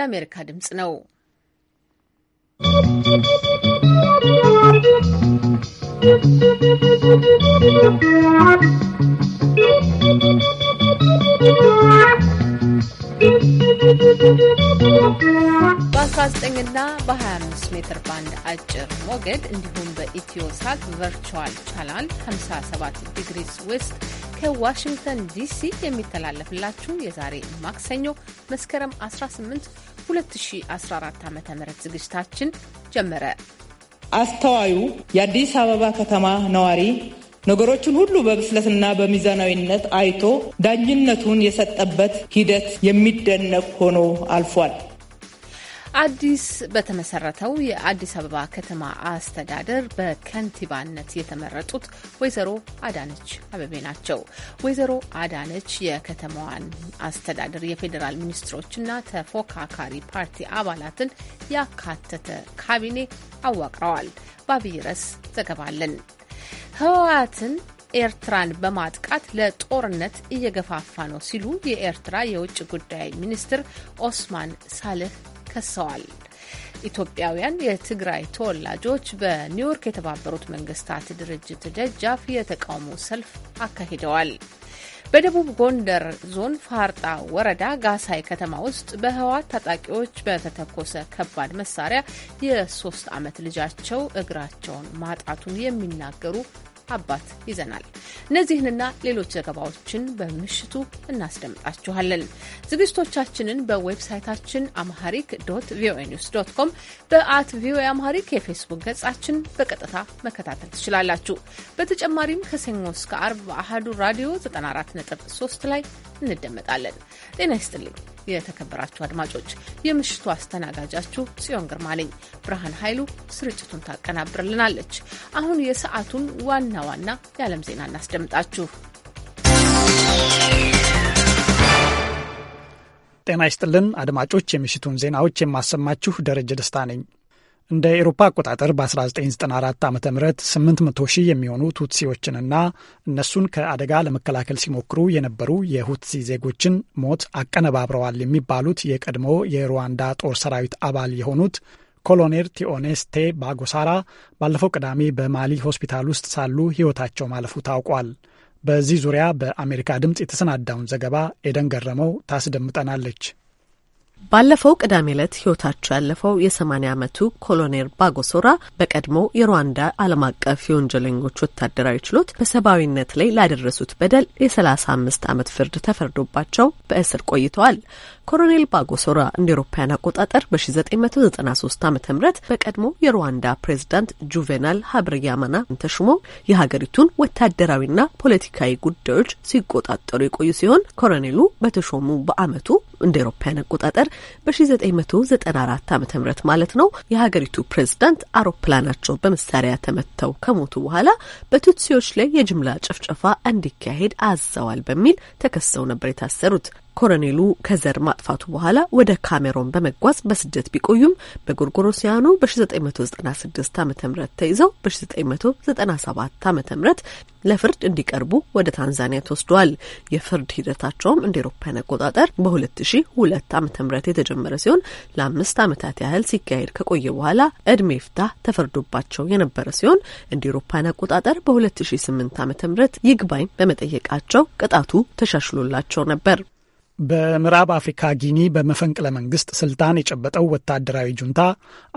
የአሜሪካ ድምፅ ነው። በ19 እና በ25 ሜትር ባንድ አጭር ሞገድ እንዲሁም በኢትዮ ሳት ቨርቹዋል ቻናል 57 ዲግሪስ ዌስት ከዋሽንግተን ዲሲ የሚተላለፍላችሁ የዛሬ ማክሰኞ መስከረም 18 2014 ዓ ም ዝግጅታችን ጀመረ። አስተዋዩ የአዲስ አበባ ከተማ ነዋሪ ነገሮችን ሁሉ በብስለትና በሚዛናዊነት አይቶ ዳኝነቱን የሰጠበት ሂደት የሚደነቅ ሆኖ አልፏል። አዲስ በተመሰረተው የአዲስ አበባ ከተማ አስተዳደር በከንቲባነት የተመረጡት ወይዘሮ አዳነች አበቤ ናቸው። ወይዘሮ አዳነች የከተማዋን አስተዳደር የፌዴራል ሚኒስትሮችና ተፎካካሪ ፓርቲ አባላትን ያካተተ ካቢኔ አዋቅረዋል። በአብይ ርዕስ ዘገባለን ህወሓትን ኤርትራን በማጥቃት ለጦርነት እየገፋፋ ነው ሲሉ የኤርትራ የውጭ ጉዳይ ሚኒስትር ኦስማን ሳልህ ከሰዋል። ኢትዮጵያውያን የትግራይ ተወላጆች በኒውዮርክ የተባበሩት መንግስታት ድርጅት ደጃፍ የተቃውሞ ሰልፍ አካሂደዋል። በደቡብ ጎንደር ዞን ፋርጣ ወረዳ ጋሳይ ከተማ ውስጥ በህወሓት ታጣቂዎች በተተኮሰ ከባድ መሳሪያ የሶስት ዓመት ልጃቸው እግራቸውን ማጣቱን የሚናገሩ አባት ይዘናል። እነዚህንና ሌሎች ዘገባዎችን በምሽቱ እናስደምጣችኋለን። ዝግጅቶቻችንን በዌብሳይታችን አምሃሪክ ዶት ቪኦኤ ኒውስ ዶት ኮም፣ በአት ቪኦኤ አምሃሪክ የፌስቡክ ገጻችን በቀጥታ መከታተል ትችላላችሁ። በተጨማሪም ከሰኞ እስከ አርብ በአህዱ ራዲዮ 94.3 ላይ እንደመጣለን። ጤና ይስጥልኝ የተከበራችሁ አድማጮች፣ የምሽቱ አስተናጋጃችሁ ጽዮን ግርማ ነኝ። ብርሃን ኃይሉ ስርጭቱን ታቀናብርልናለች። አሁን የሰዓቱን ዋና ዋና የዓለም ዜና እናስደምጣችሁ። ጤና ይስጥልን አድማጮች፣ የምሽቱን ዜናዎች የማሰማችሁ ደረጀ ደስታ ነኝ። እንደ ኤሮፓ አቆጣጠር በ1994 ዓ ም 800 ሺህ የሚሆኑ ቱትሲዎችንና እነሱን ከአደጋ ለመከላከል ሲሞክሩ የነበሩ የሁትሲ ዜጎችን ሞት አቀነባብረዋል የሚባሉት የቀድሞ የሩዋንዳ ጦር ሰራዊት አባል የሆኑት ኮሎኔል ቲኦኔስቴ ባጎሳራ ባለፈው ቅዳሜ በማሊ ሆስፒታል ውስጥ ሳሉ ሕይወታቸው ማለፉ ታውቋል። በዚህ ዙሪያ በአሜሪካ ድምፅ የተሰናዳውን ዘገባ ኤደን ገረመው ታስደምጠናለች። ባለፈው ቅዳሜ ዕለት ህይወታቸው ያለፈው የ ዓመቱ ኮሎኔል ባጎሶራ በቀድሞ የሩዋንዳ ዓለም አቀፍ የወንጀለኞች ወታደራዊ ችሎት በሰብአዊነት ላይ ላደረሱት በደል የ አምስት ዓመት ፍርድ ተፈርዶባቸው በእስር ቆይተዋል። ኮሎኔል ባጎሶራ እንደ ኤሮፓያን አቆጣጠር በ1993 ዓ ም በቀድሞ የሩዋንዳ ፕሬዚዳንት ጁቬናል ሀብርያማና ተሹመው የሀገሪቱን ወታደራዊና ፖለቲካዊ ጉዳዮች ሲቆጣጠሩ የቆዩ ሲሆን ኮሎኔሉ በተሾሙ በአመቱ እንደ ኤሮፓያን አቆጣጠር በ1994 ዓ ም ማለት ነው የሀገሪቱ ፕሬዚዳንት አውሮፕላናቸው በመሳሪያ ተመተው ከሞቱ በኋላ በቱትሲዎች ላይ የጅምላ ጭፍጨፋ እንዲካሄድ አዘዋል በሚል ተከሰው ነበር የታሰሩት። ኮሎኔሉ ከዘር ማጥፋቱ በኋላ ወደ ካሜሮን በመጓዝ በስደት ቢቆዩም በጎርጎሮሲያኑ በ1996 ዓ ም ተይዘው በ1997 ዓ ም ለፍርድ እንዲቀርቡ ወደ ታንዛኒያ ተወስደዋል። የፍርድ ሂደታቸውም እንደ ኤሮፓያን አቆጣጠር በ2002 ዓ ም የተጀመረ ሲሆን ለአምስት ዓመታት ያህል ሲካሄድ ከቆየ በኋላ እድሜ ፍታ ተፈርዶባቸው የነበረ ሲሆን እንደ ኤሮፓያን አቆጣጠር በ2008 ዓ ም ይግባኝ በመጠየቃቸው ቅጣቱ ተሻሽሎላቸው ነበር። በምዕራብ አፍሪካ ጊኒ በመፈንቅለ መንግስት ስልጣን የጨበጠው ወታደራዊ ጁንታ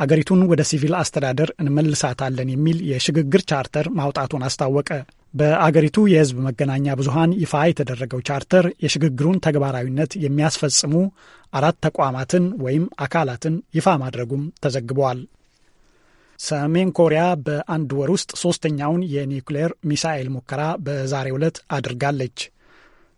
አገሪቱን ወደ ሲቪል አስተዳደር እንመልሳታለን የሚል የሽግግር ቻርተር ማውጣቱን አስታወቀ። በአገሪቱ የህዝብ መገናኛ ብዙሃን ይፋ የተደረገው ቻርተር የሽግግሩን ተግባራዊነት የሚያስፈጽሙ አራት ተቋማትን ወይም አካላትን ይፋ ማድረጉም ተዘግበዋል። ሰሜን ኮሪያ በአንድ ወር ውስጥ ሶስተኛውን የኒውክሌር ሚሳኤል ሙከራ በዛሬው ዕለት አድርጋለች።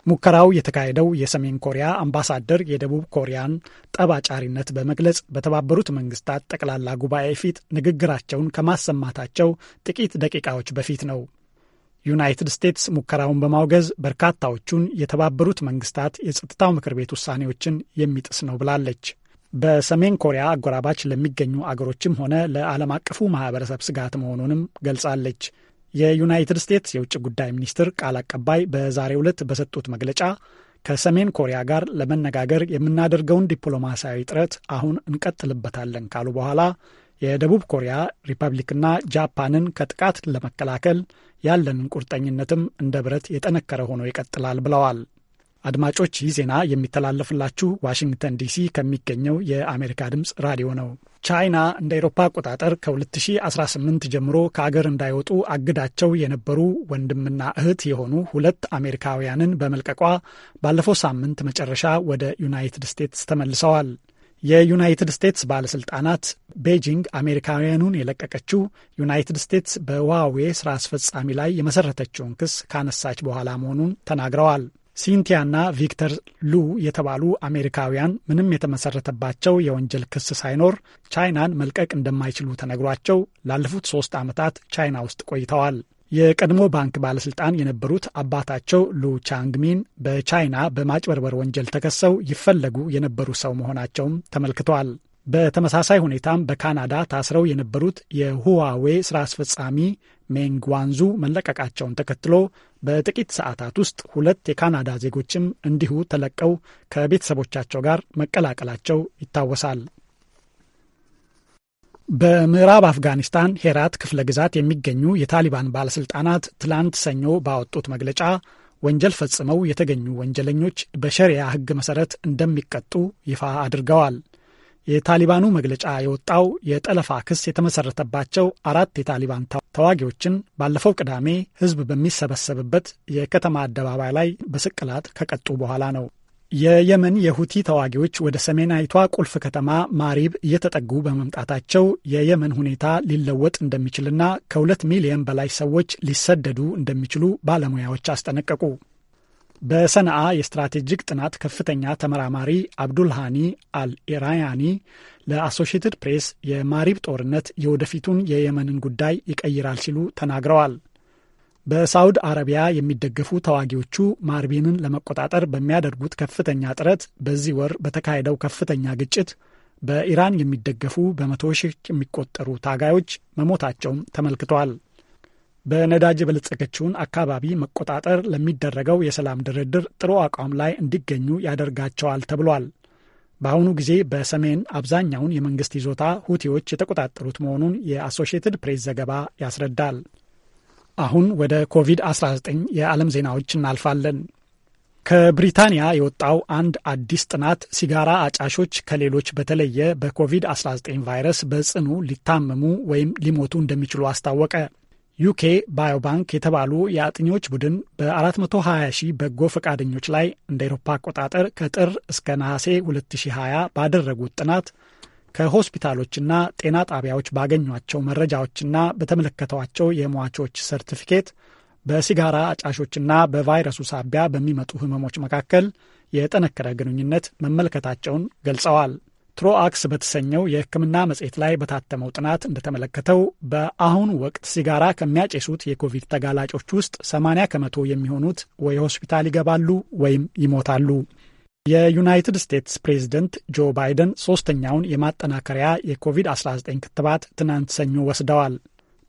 ሙከራው የተካሄደው የሰሜን ኮሪያ አምባሳደር የደቡብ ኮሪያን ጠባጫሪነት በመግለጽ በተባበሩት መንግስታት ጠቅላላ ጉባኤ ፊት ንግግራቸውን ከማሰማታቸው ጥቂት ደቂቃዎች በፊት ነው። ዩናይትድ ስቴትስ ሙከራውን በማውገዝ በርካታዎቹን የተባበሩት መንግስታት የጸጥታው ምክር ቤት ውሳኔዎችን የሚጥስ ነው ብላለች። በሰሜን ኮሪያ አጎራባች ለሚገኙ አገሮችም ሆነ ለዓለም አቀፉ ማህበረሰብ ስጋት መሆኑንም ገልጻለች። የዩናይትድ ስቴትስ የውጭ ጉዳይ ሚኒስትር ቃል አቀባይ በዛሬው ዕለት በሰጡት መግለጫ ከሰሜን ኮሪያ ጋር ለመነጋገር የምናደርገውን ዲፕሎማሲያዊ ጥረት አሁን እንቀጥልበታለን ካሉ በኋላ የደቡብ ኮሪያ ሪፐብሊክና ጃፓንን ከጥቃት ለመከላከል ያለንን ቁርጠኝነትም እንደ ብረት የጠነከረ ሆኖ ይቀጥላል ብለዋል። አድማጮች ይህ ዜና የሚተላለፍላችሁ ዋሽንግተን ዲሲ ከሚገኘው የአሜሪካ ድምፅ ራዲዮ ነው። ቻይና እንደ ኤሮፓ አቆጣጠር ከ2018 ጀምሮ ከአገር እንዳይወጡ አግዳቸው የነበሩ ወንድምና እህት የሆኑ ሁለት አሜሪካውያንን በመልቀቋ ባለፈው ሳምንት መጨረሻ ወደ ዩናይትድ ስቴትስ ተመልሰዋል። የዩናይትድ ስቴትስ ባለስልጣናት ቤጂንግ አሜሪካውያኑን የለቀቀችው ዩናይትድ ስቴትስ በዋዌ ስራ አስፈጻሚ ላይ የመሰረተችውን ክስ ካነሳች በኋላ መሆኑን ተናግረዋል። ሲንቲያና ቪክተር ሉ የተባሉ አሜሪካውያን ምንም የተመሰረተባቸው የወንጀል ክስ ሳይኖር ቻይናን መልቀቅ እንደማይችሉ ተነግሯቸው ላለፉት ሶስት ዓመታት ቻይና ውስጥ ቆይተዋል። የቀድሞ ባንክ ባለስልጣን የነበሩት አባታቸው ሉ ቻንግሚን በቻይና በማጭበርበር ወንጀል ተከሰው ይፈለጉ የነበሩ ሰው መሆናቸውም ተመልክተዋል። በተመሳሳይ ሁኔታም በካናዳ ታስረው የነበሩት የሁዋዌ ስራ አስፈጻሚ ሜንግዋንዙ መለቀቃቸውን ተከትሎ በጥቂት ሰዓታት ውስጥ ሁለት የካናዳ ዜጎችም እንዲሁ ተለቀው ከቤተሰቦቻቸው ጋር መቀላቀላቸው ይታወሳል። በምዕራብ አፍጋኒስታን ሄራት ክፍለ ግዛት የሚገኙ የታሊባን ባለስልጣናት ትላንት ሰኞ ባወጡት መግለጫ ወንጀል ፈጽመው የተገኙ ወንጀለኞች በሸሪያ ሕግ መሰረት እንደሚቀጡ ይፋ አድርገዋል። የታሊባኑ መግለጫ የወጣው የጠለፋ ክስ የተመሰረተባቸው አራት የታሊባን ተዋጊዎችን ባለፈው ቅዳሜ ሕዝብ በሚሰበሰብበት የከተማ አደባባይ ላይ በስቅላት ከቀጡ በኋላ ነው። የየመን የሁቲ ተዋጊዎች ወደ ሰሜናዊቷ ቁልፍ ከተማ ማሪብ እየተጠጉ በመምጣታቸው የየመን ሁኔታ ሊለወጥ እንደሚችልና ከሁለት ሚሊዮን በላይ ሰዎች ሊሰደዱ እንደሚችሉ ባለሙያዎች አስጠነቀቁ። በሰነአ የስትራቴጂክ ጥናት ከፍተኛ ተመራማሪ አብዱልሃኒ አልኢራያኒ ለአሶሽትድ ፕሬስ የማሪብ ጦርነት የወደፊቱን የየመንን ጉዳይ ይቀይራል ሲሉ ተናግረዋል። በሳውድ አረቢያ የሚደገፉ ተዋጊዎቹ ማርቢንን ለመቆጣጠር በሚያደርጉት ከፍተኛ ጥረት በዚህ ወር በተካሄደው ከፍተኛ ግጭት በኢራን የሚደገፉ በመቶ ሺህ የሚቆጠሩ ታጋዮች መሞታቸውም ተመልክቷል። በነዳጅ የበለጸገችውን አካባቢ መቆጣጠር ለሚደረገው የሰላም ድርድር ጥሩ አቋም ላይ እንዲገኙ ያደርጋቸዋል ተብሏል። በአሁኑ ጊዜ በሰሜን አብዛኛውን የመንግስት ይዞታ ሁቲዎች የተቆጣጠሩት መሆኑን የአሶሽየትድ ፕሬስ ዘገባ ያስረዳል። አሁን ወደ ኮቪድ-19 የዓለም ዜናዎች እናልፋለን። ከብሪታንያ የወጣው አንድ አዲስ ጥናት ሲጋራ አጫሾች ከሌሎች በተለየ በኮቪድ-19 ቫይረስ በጽኑ ሊታመሙ ወይም ሊሞቱ እንደሚችሉ አስታወቀ። ዩኬ ባዮባንክ የተባሉ የአጥኚዎች ቡድን በ420 ሺህ በጎ ፈቃደኞች ላይ እንደ ኤሮፓ አቆጣጠር ከጥር እስከ ነሐሴ 2020 ባደረጉት ጥናት ከሆስፒታሎችና ጤና ጣቢያዎች ባገኟቸው መረጃዎችና በተመለከተዋቸው የሟቾች ሰርቲፊኬት በሲጋራ አጫሾችና በቫይረሱ ሳቢያ በሚመጡ ህመሞች መካከል የጠነከረ ግንኙነት መመልከታቸውን ገልጸዋል። ትሮአክስ በተሰኘው የሕክምና መጽሔት ላይ በታተመው ጥናት እንደተመለከተው በአሁን ወቅት ሲጋራ ከሚያጨሱት የኮቪድ ተጋላጮች ውስጥ 80 ከመቶ የሚሆኑት ወይ ሆስፒታል ይገባሉ ወይም ይሞታሉ። የዩናይትድ ስቴትስ ፕሬዝደንት ጆ ባይደን ሶስተኛውን የማጠናከሪያ የኮቪድ-19 ክትባት ትናንት ሰኞ ወስደዋል።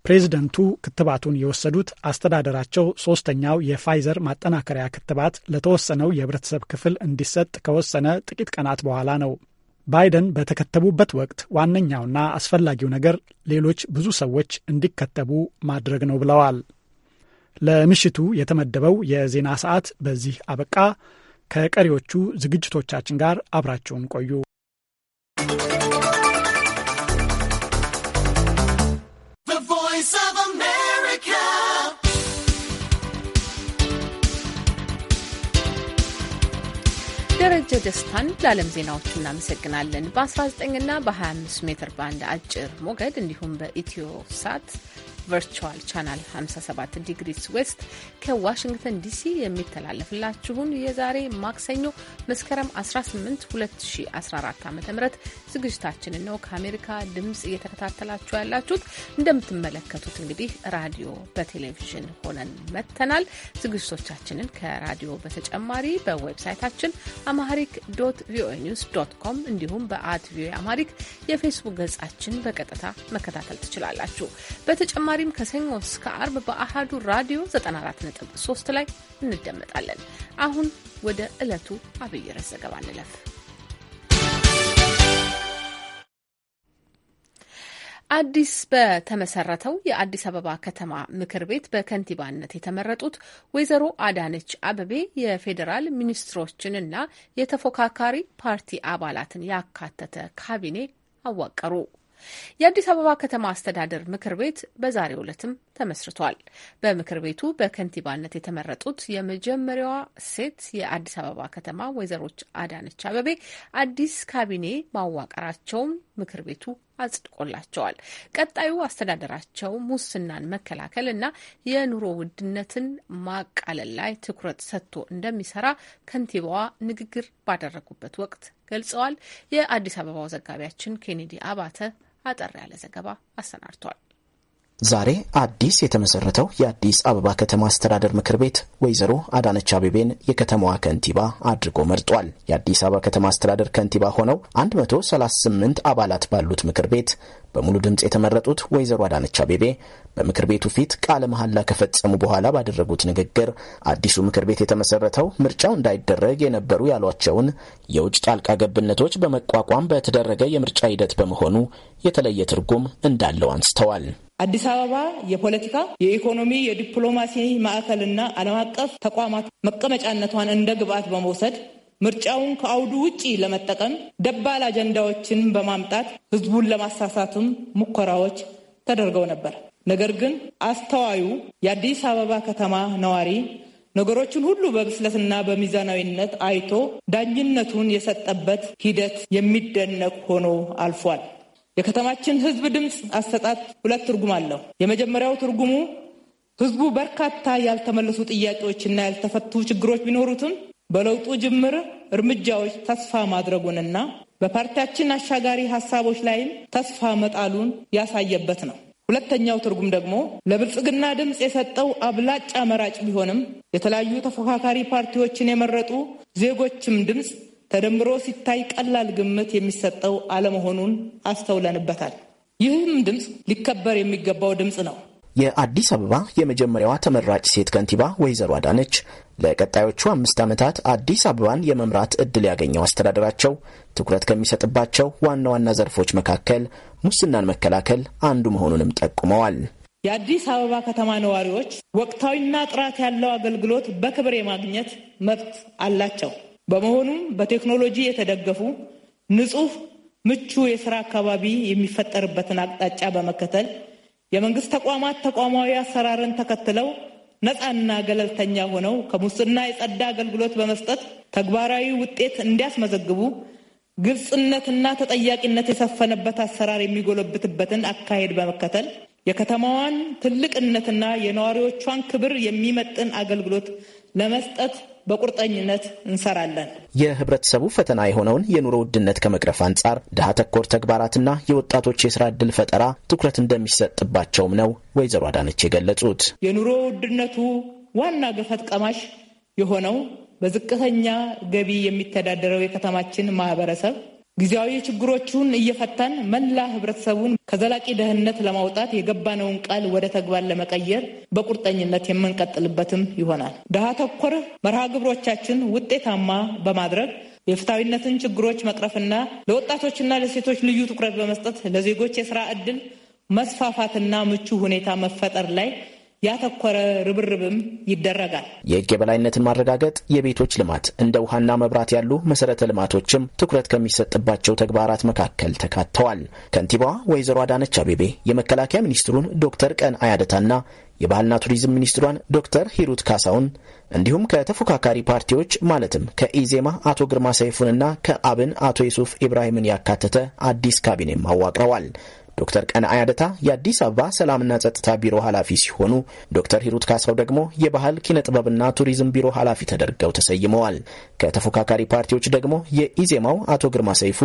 ፕሬዚደንቱ ክትባቱን የወሰዱት አስተዳደራቸው ሶስተኛው የፋይዘር ማጠናከሪያ ክትባት ለተወሰነው የህብረተሰብ ክፍል እንዲሰጥ ከወሰነ ጥቂት ቀናት በኋላ ነው። ባይደን በተከተቡበት ወቅት ዋነኛውና አስፈላጊው ነገር ሌሎች ብዙ ሰዎች እንዲከተቡ ማድረግ ነው ብለዋል። ለምሽቱ የተመደበው የዜና ሰዓት በዚህ አበቃ። ከቀሪዎቹ ዝግጅቶቻችን ጋር አብራችሁን ቆዩ። ደረጀ ደስታን ለዓለም ዜናዎቹ እናመሰግናለን። በ19 ና በ25 ሜትር ባንድ አጭር ሞገድ እንዲሁም በኢትዮ ሳት ቨርቹዋል ቻናል 57 ዲግሪስ ዌስት ከዋሽንግተን ዲሲ የሚተላለፍላችሁን የዛሬ ማክሰኞ መስከረም 18 2014 ዓ ም ዝግጅታችንን ነው ከአሜሪካ ድምፅ እየተከታተላችሁ ያላችሁት። እንደምትመለከቱት እንግዲህ ራዲዮ በቴሌቪዥን ሆነን መጥተናል። ዝግጅቶቻችንን ከራዲዮ በተጨማሪ በዌብሳይታችን አማሪክ ዶት ቪኦኤ ኒውስ ዶት ኮም እንዲሁም በአት ቪኦኤ አማሪክ የፌስቡክ ገጻችን በቀጥታ መከታተል ትችላላችሁ። በተጨማሪ በተጨማሪም ከሰኞ እስከ አርብ በአሃዱ ራዲዮ 94.3 ላይ እንደመጣለን። አሁን ወደ ዕለቱ አብይ ርዕስ ዘገባ እንለፍ። አዲስ በተመሰረተው የአዲስ አበባ ከተማ ምክር ቤት በከንቲባነት የተመረጡት ወይዘሮ አዳነች አበቤ የፌዴራል ሚኒስትሮችንና የተፎካካሪ ፓርቲ አባላትን ያካተተ ካቢኔ አዋቀሩ። የአዲስ አበባ ከተማ አስተዳደር ምክር ቤት በዛሬው ዕለትም ተመስርቷል። በምክር ቤቱ በከንቲባነት የተመረጡት የመጀመሪያዋ ሴት የአዲስ አበባ ከተማ ወይዘሮች አዳነች አበቤ አዲስ ካቢኔ ማዋቀራቸውም ምክር ቤቱ አጽድቆላቸዋል። ቀጣዩ አስተዳደራቸው ሙስናን መከላከል እና የኑሮ ውድነትን ማቃለል ላይ ትኩረት ሰጥቶ እንደሚሰራ ከንቲባዋ ንግግር ባደረጉበት ወቅት ገልጸዋል። የአዲስ አበባው ዘጋቢያችን ኬኔዲ አባተ አጠር ያለ ዘገባ አሰናድቷል። ዛሬ አዲስ የተመሰረተው የአዲስ አበባ ከተማ አስተዳደር ምክር ቤት ወይዘሮ አዳነች አቤቤን የከተማዋ ከንቲባ አድርጎ መርጧል። የአዲስ አበባ ከተማ አስተዳደር ከንቲባ ሆነው 138 አባላት ባሉት ምክር ቤት በሙሉ ድምፅ የተመረጡት ወይዘሮ አዳነች አቤቤ በምክር ቤቱ ፊት ቃለ መሐላ ከፈጸሙ በኋላ ባደረጉት ንግግር አዲሱ ምክር ቤት የተመሰረተው ምርጫው እንዳይደረግ የነበሩ ያሏቸውን የውጭ ጣልቃ ገብነቶች በመቋቋም በተደረገ የምርጫ ሂደት በመሆኑ የተለየ ትርጉም እንዳለው አንስተዋል። አዲስ አበባ የፖለቲካ የኢኮኖሚ፣ የዲፕሎማሲ ማዕከልና ዓለም አቀፍ ተቋማት መቀመጫነቷን እንደ ግብዓት በመውሰድ ምርጫውን ከአውዱ ውጪ ለመጠቀም ደባል አጀንዳዎችን በማምጣት ህዝቡን ለማሳሳትም ሙከራዎች ተደርገው ነበር። ነገር ግን አስተዋዩ የአዲስ አበባ ከተማ ነዋሪ ነገሮችን ሁሉ በብስለትና በሚዛናዊነት አይቶ ዳኝነቱን የሰጠበት ሂደት የሚደነቅ ሆኖ አልፏል። የከተማችን ህዝብ ድምፅ አሰጣት ሁለት ትርጉም አለው። የመጀመሪያው ትርጉሙ ህዝቡ በርካታ ያልተመለሱ ጥያቄዎችና ያልተፈቱ ችግሮች ቢኖሩትም በለውጡ ጅምር እርምጃዎች ተስፋ ማድረጉንና በፓርቲያችን አሻጋሪ ሀሳቦች ላይም ተስፋ መጣሉን ያሳየበት ነው። ሁለተኛው ትርጉም ደግሞ ለብልጽግና ድምፅ የሰጠው አብላጫ መራጭ ቢሆንም የተለያዩ ተፎካካሪ ፓርቲዎችን የመረጡ ዜጎችም ድምፅ ተደምሮ ሲታይ ቀላል ግምት የሚሰጠው አለመሆኑን አስተውለንበታል። ይህም ድምፅ ሊከበር የሚገባው ድምፅ ነው። የአዲስ አበባ የመጀመሪያዋ ተመራጭ ሴት ከንቲባ ወይዘሮ አዳነች ለቀጣዮቹ አምስት ዓመታት አዲስ አበባን የመምራት ዕድል ያገኘው አስተዳደራቸው ትኩረት ከሚሰጥባቸው ዋና ዋና ዘርፎች መካከል ሙስናን መከላከል አንዱ መሆኑንም ጠቁመዋል። የአዲስ አበባ ከተማ ነዋሪዎች ወቅታዊና ጥራት ያለው አገልግሎት በክብር የማግኘት መብት አላቸው። በመሆኑም በቴክኖሎጂ የተደገፉ ንጹህ፣ ምቹ የስራ አካባቢ የሚፈጠርበትን አቅጣጫ በመከተል የመንግስት ተቋማት ተቋማዊ አሰራርን ተከትለው ነፃና ገለልተኛ ሆነው ከሙስና የጸዳ አገልግሎት በመስጠት ተግባራዊ ውጤት እንዲያስመዘግቡ ግልጽነትና ተጠያቂነት የሰፈነበት አሰራር የሚጎለብትበትን አካሄድ በመከተል የከተማዋን ትልቅነትና የነዋሪዎቿን ክብር የሚመጥን አገልግሎት ለመስጠት በቁርጠኝነት እንሰራለን። የህብረተሰቡ ፈተና የሆነውን የኑሮ ውድነት ከመቅረፍ አንጻር ድሀ ተኮር ተግባራትና የወጣቶች የስራ እድል ፈጠራ ትኩረት እንደሚሰጥባቸውም ነው ወይዘሮ አዳነች የገለጹት። የኑሮ ውድነቱ ዋና ገፈት ቀማሽ የሆነው በዝቅተኛ ገቢ የሚተዳደረው የከተማችን ማህበረሰብ ጊዜያዊ ችግሮቹን እየፈታን መላ ህብረተሰቡን ከዘላቂ ደህንነት ለማውጣት የገባነውን ቃል ወደ ተግባር ለመቀየር በቁርጠኝነት የምንቀጥልበትም ይሆናል። ድሃ ተኮር መርሃ ግብሮቻችን ውጤታማ በማድረግ የፍትሐዊነትን ችግሮች መቅረፍና ለወጣቶችና ለሴቶች ልዩ ትኩረት በመስጠት ለዜጎች የስራ ዕድል መስፋፋትና ምቹ ሁኔታ መፈጠር ላይ ያተኮረ ርብርብም ይደረጋል። የህግ የበላይነትን ማረጋገጥ፣ የቤቶች ልማት፣ እንደ ውሃና መብራት ያሉ መሰረተ ልማቶችም ትኩረት ከሚሰጥባቸው ተግባራት መካከል ተካተዋል። ከንቲባዋ ወይዘሮ አዳነች አቤቤ የመከላከያ ሚኒስትሩን ዶክተር ቀን አያደታና የባህልና ቱሪዝም ሚኒስትሯን ዶክተር ሂሩት ካሳውን እንዲሁም ከተፎካካሪ ፓርቲዎች ማለትም ከኢዜማ አቶ ግርማ ሰይፉንና ከአብን አቶ ዩሱፍ ኢብራሂምን ያካተተ አዲስ ካቢኔም አዋቅረዋል። ዶክተር ቀነአ አደታ የአዲስ አበባ ሰላምና ጸጥታ ቢሮ ኃላፊ ሲሆኑ ዶክተር ሂሩት ካሳው ደግሞ የባህል ኪነ ጥበብና ቱሪዝም ቢሮ ኃላፊ ተደርገው ተሰይመዋል። ከተፎካካሪ ፓርቲዎች ደግሞ የኢዜማው አቶ ግርማ ሰይፉ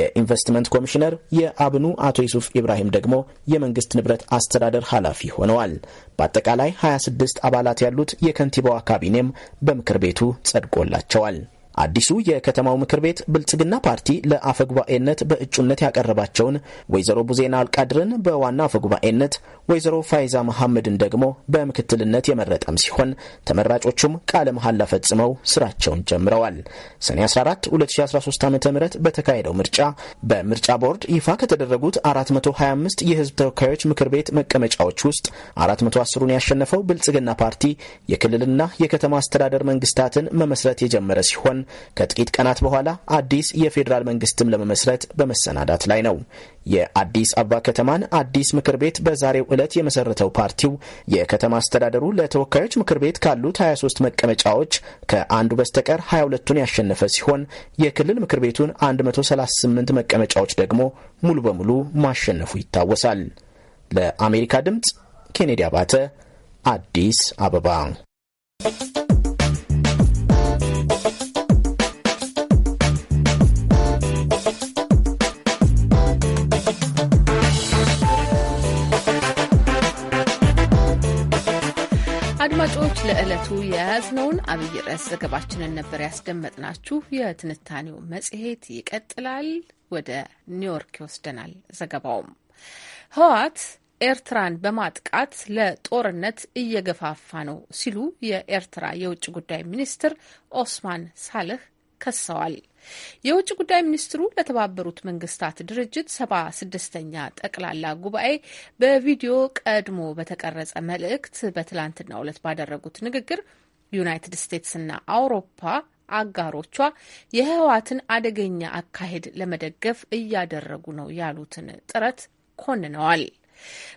የኢንቨስትመንት ኮሚሽነር፣ የአብኑ አቶ ዩሱፍ ኢብራሂም ደግሞ የመንግስት ንብረት አስተዳደር ኃላፊ ሆነዋል። በአጠቃላይ 26 አባላት ያሉት የከንቲባዋ ካቢኔም በምክር ቤቱ ጸድቆላቸዋል። አዲሱ የከተማው ምክር ቤት ብልጽግና ፓርቲ ለአፈጉባኤነት በእጩነት ያቀረባቸውን ወይዘሮ ቡዜና አልቃድርን በዋና አፈጉባኤነት፣ ወይዘሮ ፋይዛ መሐመድን ደግሞ በምክትልነት የመረጠም ሲሆን ተመራጮቹም ቃለ መሐላ ፈጽመው ስራቸውን ጀምረዋል። ሰኔ 14 2013 ዓ ም በተካሄደው ምርጫ በምርጫ ቦርድ ይፋ ከተደረጉት 425 የህዝብ ተወካዮች ምክር ቤት መቀመጫዎች ውስጥ 410ሩን ያሸነፈው ብልጽግና ፓርቲ የክልልና የከተማ አስተዳደር መንግስታትን መመስረት የጀመረ ሲሆን ከጥቂት ቀናት በኋላ አዲስ የፌዴራል መንግስትም ለመመስረት በመሰናዳት ላይ ነው። የአዲስ አበባ ከተማን አዲስ ምክር ቤት በዛሬው ዕለት የመሰረተው ፓርቲው የከተማ አስተዳደሩ ለተወካዮች ምክር ቤት ካሉት 23 መቀመጫዎች ከአንዱ በስተቀር 22ቱን ያሸነፈ ሲሆን የክልል ምክር ቤቱን 138 መቀመጫዎች ደግሞ ሙሉ በሙሉ ማሸነፉ ይታወሳል። ለአሜሪካ ድምፅ ኬኔዲ አባተ አዲስ አበባ። አድማጮች ለዕለቱ የያዝነውን አብይ ርዕስ ዘገባችንን ነበር ያስደመጥናችሁ። የትንታኔው መጽሔት ይቀጥላል። ወደ ኒውዮርክ ይወስደናል። ዘገባውም ህወሓት ኤርትራን በማጥቃት ለጦርነት እየገፋፋ ነው ሲሉ የኤርትራ የውጭ ጉዳይ ሚኒስትር ኦስማን ሳልህ ከሰዋል። የውጭ ጉዳይ ሚኒስትሩ ለተባበሩት መንግስታት ድርጅት ሰባ ስድስተኛ ጠቅላላ ጉባኤ በቪዲዮ ቀድሞ በተቀረጸ መልእክት በትላንትናው ዕለት ባደረጉት ንግግር ዩናይትድ ስቴትስና አውሮፓ አጋሮቿ የህወሓትን አደገኛ አካሄድ ለመደገፍ እያደረጉ ነው ያሉትን ጥረት ኮንነዋል።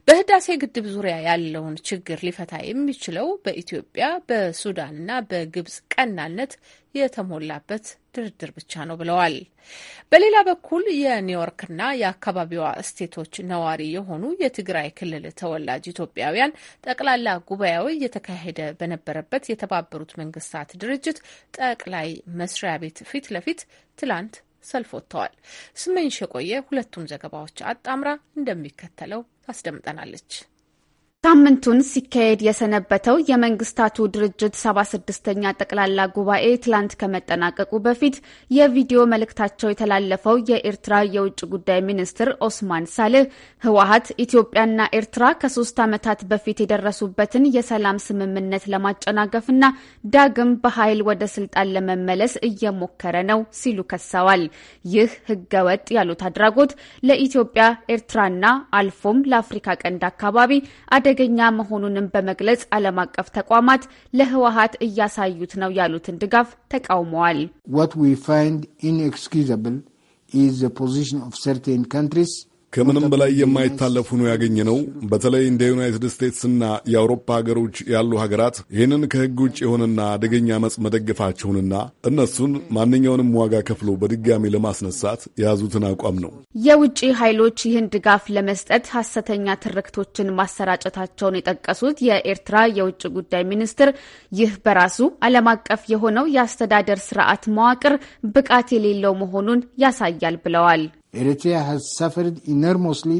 በህዳሴ ግድብ ዙሪያ ያለውን ችግር ሊፈታ የሚችለው በኢትዮጵያ በሱዳንና በግብጽ ቀናነት የተሞላበት ድርድር ብቻ ነው ብለዋል። በሌላ በኩል የኒውዮርክና የአካባቢዋ ስቴቶች ነዋሪ የሆኑ የትግራይ ክልል ተወላጅ ኢትዮጵያውያን ጠቅላላ ጉባኤው እየተካሄደ በነበረበት የተባበሩት መንግስታት ድርጅት ጠቅላይ መስሪያ ቤት ፊት ለፊት ትላንት ሰልፍ ወጥተዋል። ስመኝሽ የቆየ ሁለቱን ዘገባዎች አጣምራ እንደሚከተለው አስደምጠናለች ሳምንቱን ሲካሄድ የሰነበተው የመንግስታቱ ድርጅት 76 ኛ ጠቅላላ ጉባኤ ትላንት ከመጠናቀቁ በፊት የቪዲዮ መልእክታቸው የተላለፈው የኤርትራ የውጭ ጉዳይ ሚኒስትር ኦስማን ሳልህ ህወሀት ኢትዮጵያና ኤርትራ ከሶስት ዓመታት በፊት የደረሱበትን የሰላም ስምምነት ለማጨናገፍና ዳግም በኃይል ወደ ስልጣን ለመመለስ እየሞከረ ነው ሲሉ ከሰዋል። ይህ ህገወጥ ያሉት አድራጎት ለኢትዮጵያ ኤርትራና አልፎም ለአፍሪካ ቀንድ አካባቢ አደ አደገኛ መሆኑንም በመግለጽ ዓለም አቀፍ ተቋማት ለህወሀት እያሳዩት ነው ያሉትን ድጋፍ ተቃውመዋል። ወት ዊ ፋይንድ ኢንኤክስኪዘብል ኢዝ ፖዚሽን ኦፍ ሰርቴን ካንትሪስ ከምንም በላይ የማይታለፉ ነው ያገኘ ነው። በተለይ እንደ ዩናይትድ እና የአውሮፓ ሀገሮች ያሉ ሀገራት ይህንን ከህግ ውጭ የሆነና አደገኛ መጽ መደገፋቸውንና እነሱን ማንኛውንም ዋጋ ከፍሎ በድጋሚ ለማስነሳት የያዙትን አቋም ነው። የውጭ ኃይሎች ይህን ድጋፍ ለመስጠት ሀሰተኛ ትርክቶችን ማሰራጨታቸውን የጠቀሱት የኤርትራ የውጭ ጉዳይ ሚኒስትር ይህ በራሱ ዓለም አቀፍ የሆነው የአስተዳደር ስርዓት መዋቅር ብቃት የሌለው መሆኑን ያሳያል ብለዋል። ኤሪትሪያ ሀዝ ሰፈርድ ኢነርሞስሊ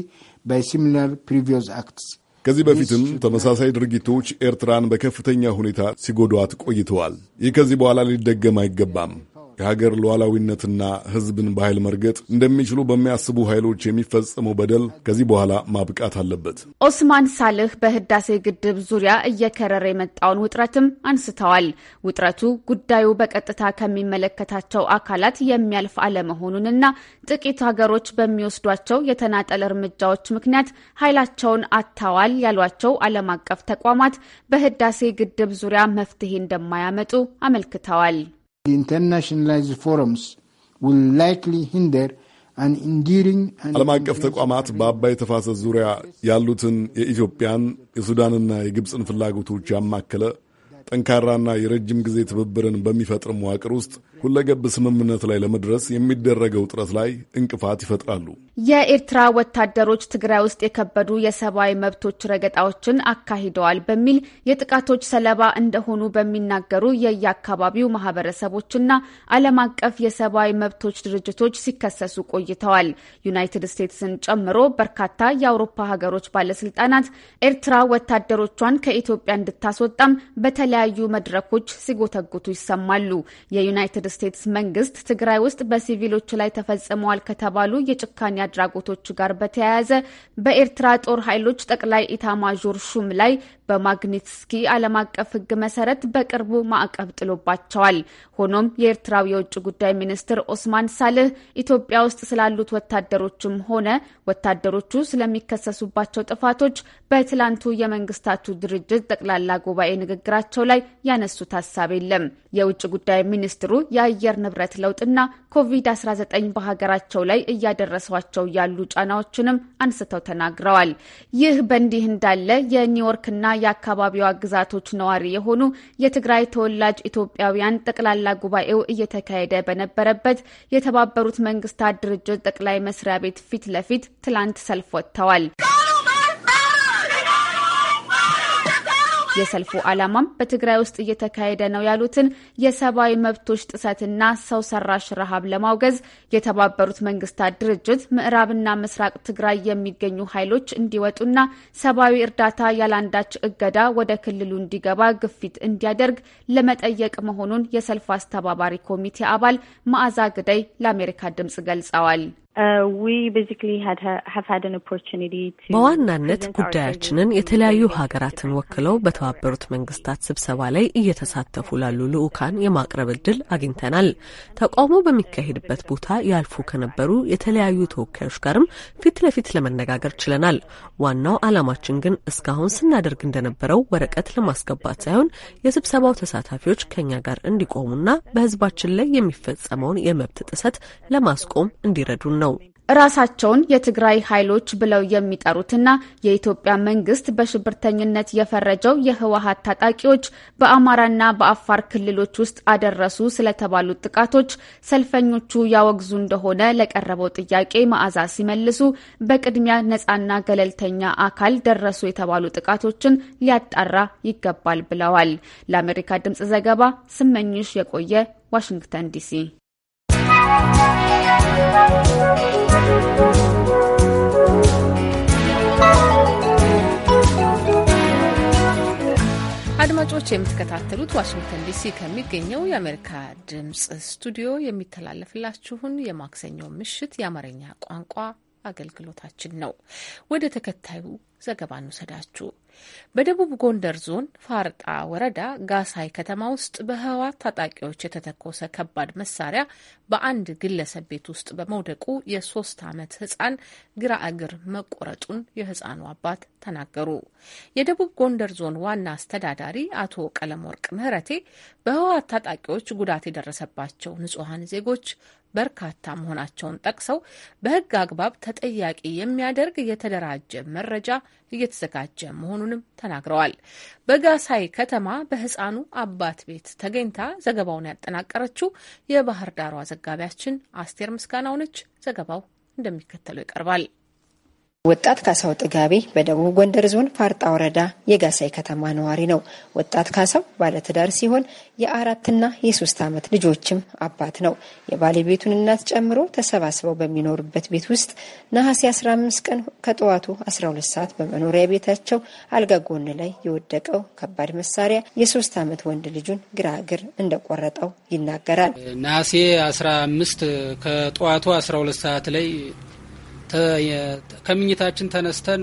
ባይ ሲሚላር previous አክትስ ከዚህ በፊትም ተመሳሳይ ድርጊቶች ኤርትራን በከፍተኛ ሁኔታ ሲጎዷት ቆይተዋል። ይህ ከዚህ በኋላ ሊደገም አይገባም። የሀገር ሉዓላዊነትና ሕዝብን በኃይል መርገጥ እንደሚችሉ በሚያስቡ ኃይሎች የሚፈጸመው በደል ከዚህ በኋላ ማብቃት አለበት። ኦስማን ሳልህ በህዳሴ ግድብ ዙሪያ እየከረረ የመጣውን ውጥረትም አንስተዋል። ውጥረቱ ጉዳዩ በቀጥታ ከሚመለከታቸው አካላት የሚያልፍ አለመሆኑንና ጥቂት ሀገሮች በሚወስዷቸው የተናጠል እርምጃዎች ምክንያት ኃይላቸውን አጥተዋል ያሏቸው ዓለም አቀፍ ተቋማት በህዳሴ ግድብ ዙሪያ መፍትሄ እንደማያመጡ አመልክተዋል። ዓለም አቀፍ ተቋማት በአባይ ተፋሰስ ዙሪያ ያሉትን የኢትዮጵያን የሱዳንና የግብፅን ፍላጎቶች ያማከለ ጠንካራና የረጅም ጊዜ ትብብርን በሚፈጥር መዋቅር ውስጥ ሁለገብ ስምምነት ላይ ለመድረስ የሚደረገው ጥረት ላይ እንቅፋት ይፈጥራሉ። የኤርትራ ወታደሮች ትግራይ ውስጥ የከበዱ የሰብአዊ መብቶች ረገጣዎችን አካሂደዋል በሚል የጥቃቶች ሰለባ እንደሆኑ በሚናገሩ የየአካባቢው ማህበረሰቦችና ዓለም አቀፍ የሰብአዊ መብቶች ድርጅቶች ሲከሰሱ ቆይተዋል። ዩናይትድ ስቴትስን ጨምሮ በርካታ የአውሮፓ ሀገሮች ባለስልጣናት ኤርትራ ወታደሮቿን ከኢትዮጵያ እንድታስወጣም በተለያዩ መድረኮች ሲጎተጉቱ ይሰማሉ። የዩናይትድ ስቴትስ መንግስት ትግራይ ውስጥ በሲቪሎች ላይ ተፈጽመዋል ከተባሉ የጭካኔ አድራጎቶች ጋር በተያያዘ በኤርትራ ጦር ኃይሎች ጠቅላይ ኢታማዦር ሹም ላይ በማግኒትስኪ ዓለም አቀፍ ሕግ መሰረት በቅርቡ ማዕቀብ ጥሎባቸዋል። ሆኖም የኤርትራው የውጭ ጉዳይ ሚኒስትር ኦስማን ሳልህ ኢትዮጵያ ውስጥ ስላሉት ወታደሮችም ሆነ ወታደሮቹ ስለሚከሰሱባቸው ጥፋቶች በትላንቱ የመንግስታቱ ድርጅት ጠቅላላ ጉባኤ ንግግራቸው ላይ ያነሱት ሀሳብ የለም። የውጭ ጉዳይ ሚኒስትሩ የአየር ንብረት ለውጥና ኮቪድ-19 በሀገራቸው ላይ እያደረሷቸው ያሉ ጫናዎችንም አንስተው ተናግረዋል። ይህ በእንዲህ እንዳለ የኒውዮርክና የአካባቢዋ ግዛቶች ነዋሪ የሆኑ የትግራይ ተወላጅ ኢትዮጵያውያን ጠቅላላ ጉባኤው እየተካሄደ በነበረበት የተባበሩት መንግስታት ድርጅት ጠቅላይ መስሪያ ቤት ፊት ለፊት ትላንት ሰልፍ ወጥተዋል። የሰልፉ ዓላማም በትግራይ ውስጥ እየተካሄደ ነው ያሉትን የሰብአዊ መብቶች ጥሰትና ሰው ሰራሽ ረሃብ ለማውገዝ የተባበሩት መንግስታት ድርጅት ምዕራብና ምስራቅ ትግራይ የሚገኙ ኃይሎች እንዲወጡና ሰብአዊ እርዳታ ያላንዳች እገዳ ወደ ክልሉ እንዲገባ ግፊት እንዲያደርግ ለመጠየቅ መሆኑን የሰልፉ አስተባባሪ ኮሚቴ አባል መዓዛ ግደይ ለአሜሪካ ድምጽ ገልጸዋል። Uh, በዋናነት ጉዳያችንን የተለያዩ ሀገራትን ወክለው በተባበሩት መንግስታት ስብሰባ ላይ እየተሳተፉ ላሉ ልዑካን የማቅረብ እድል አግኝተናል። ተቃውሞ በሚካሄድበት ቦታ ያልፉ ከነበሩ የተለያዩ ተወካዮች ጋርም ፊት ለፊት ለመነጋገር ችለናል። ዋናው ዓላማችን ግን እስካሁን ስናደርግ እንደነበረው ወረቀት ለማስገባት ሳይሆን የስብሰባው ተሳታፊዎች ከኛ ጋር እንዲቆሙና በህዝባችን ላይ የሚፈጸመውን የመብት ጥሰት ለማስቆም እንዲረዱን ነው። ነው። ራሳቸውን የትግራይ ኃይሎች ብለው የሚጠሩትና የኢትዮጵያ መንግስት በሽብርተኝነት የፈረጀው የህወሀት ታጣቂዎች በአማራና በአፋር ክልሎች ውስጥ አደረሱ ስለተባሉ ጥቃቶች ሰልፈኞቹ ያወግዙ እንደሆነ ለቀረበው ጥያቄ መዓዛ ሲመልሱ በቅድሚያ ነፃና ገለልተኛ አካል ደረሱ የተባሉ ጥቃቶችን ሊያጣራ ይገባል ብለዋል። ለአሜሪካ ድምጽ ዘገባ ስመኝሽ የቆየ ዋሽንግተን ዲሲ አድማጮች የምትከታተሉት ዋሽንግተን ዲሲ ከሚገኘው የአሜሪካ ድምጽ ስቱዲዮ የሚተላለፍላችሁን የማክሰኞ ምሽት የአማርኛ ቋንቋ አገልግሎታችን ነው። ወደ ተከታዩ ዘገባ ውሰዳችሁ። በደቡብ ጎንደር ዞን ፋርጣ ወረዳ ጋሳይ ከተማ ውስጥ በህወሓት ታጣቂዎች የተተኮሰ ከባድ መሳሪያ በአንድ ግለሰብ ቤት ውስጥ በመውደቁ የሶስት ዓመት ህጻን ግራ እግር መቆረጡን የህፃኑ አባት ተናገሩ። የደቡብ ጎንደር ዞን ዋና አስተዳዳሪ አቶ ቀለመወርቅ ምህረቴ በህወሓት ታጣቂዎች ጉዳት የደረሰባቸው ንጹሐን ዜጎች በርካታ መሆናቸውን ጠቅሰው በህግ አግባብ ተጠያቂ የሚያደርግ የተደራጀ መረጃ እየተዘጋጀ መሆኑንም ተናግረዋል። በጋሳይ ከተማ በህፃኑ አባት ቤት ተገኝታ ዘገባውን ያጠናቀረችው የባህር ዳሯ ዘጋቢያችን አስቴር ምስጋናው ነች። ዘገባው እንደሚከተለው ይቀርባል። ወጣት ካሳው ጥጋቤ በደቡብ ጎንደር ዞን ፋርጣ ወረዳ የጋሳይ ከተማ ነዋሪ ነው። ወጣት ካሳው ባለትዳር ሲሆን የአራትና የሶስት ዓመት ልጆችም አባት ነው። የባለቤቱን እናት ጨምሮ ተሰባስበው በሚኖሩበት ቤት ውስጥ ነሐሴ 15 ቀን ከጠዋቱ 12 ሰዓት በመኖሪያ ቤታቸው አልጋ ጎን ላይ የወደቀው ከባድ መሳሪያ የሶስት ዓመት ወንድ ልጁን ግራግር እንደቆረጠው ይናገራል። ነሐሴ 15 ከጠዋቱ 12 ሰዓት ላይ ከምኝታችን ተነስተን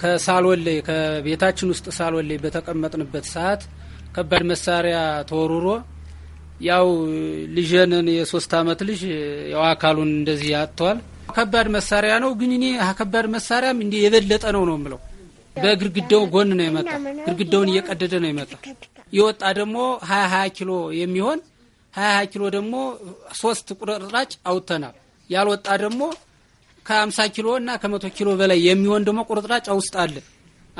ከሳልወሌ ከቤታችን ውስጥ ሳልወሌ ላይ በተቀመጥንበት ሰዓት ከባድ መሳሪያ ተወርሮ ያው ልጄንን የሶስት አመት ልጅ ያው አካሉን እንደዚህ ያጥተዋል። ከባድ መሳሪያ ነው ግን እኔ ከባድ መሳሪያም እንዲህ የበለጠ ነው ነው የምለው። በግድግዳው ጎን ነው የመጣ፣ ግድግዳውን እየቀደደ ነው የመጣ። የወጣ ደግሞ ሀያ ሀያ ኪሎ የሚሆን ሀያ ሀያ ኪሎ ደግሞ ሶስት ቁርጥራጭ አውጥተናል። ያልወጣ ደግሞ ከ50 ኪሎ እና ከ100 ኪሎ በላይ የሚሆን ደግሞ ቁርጥራጫ ውስጥ አለ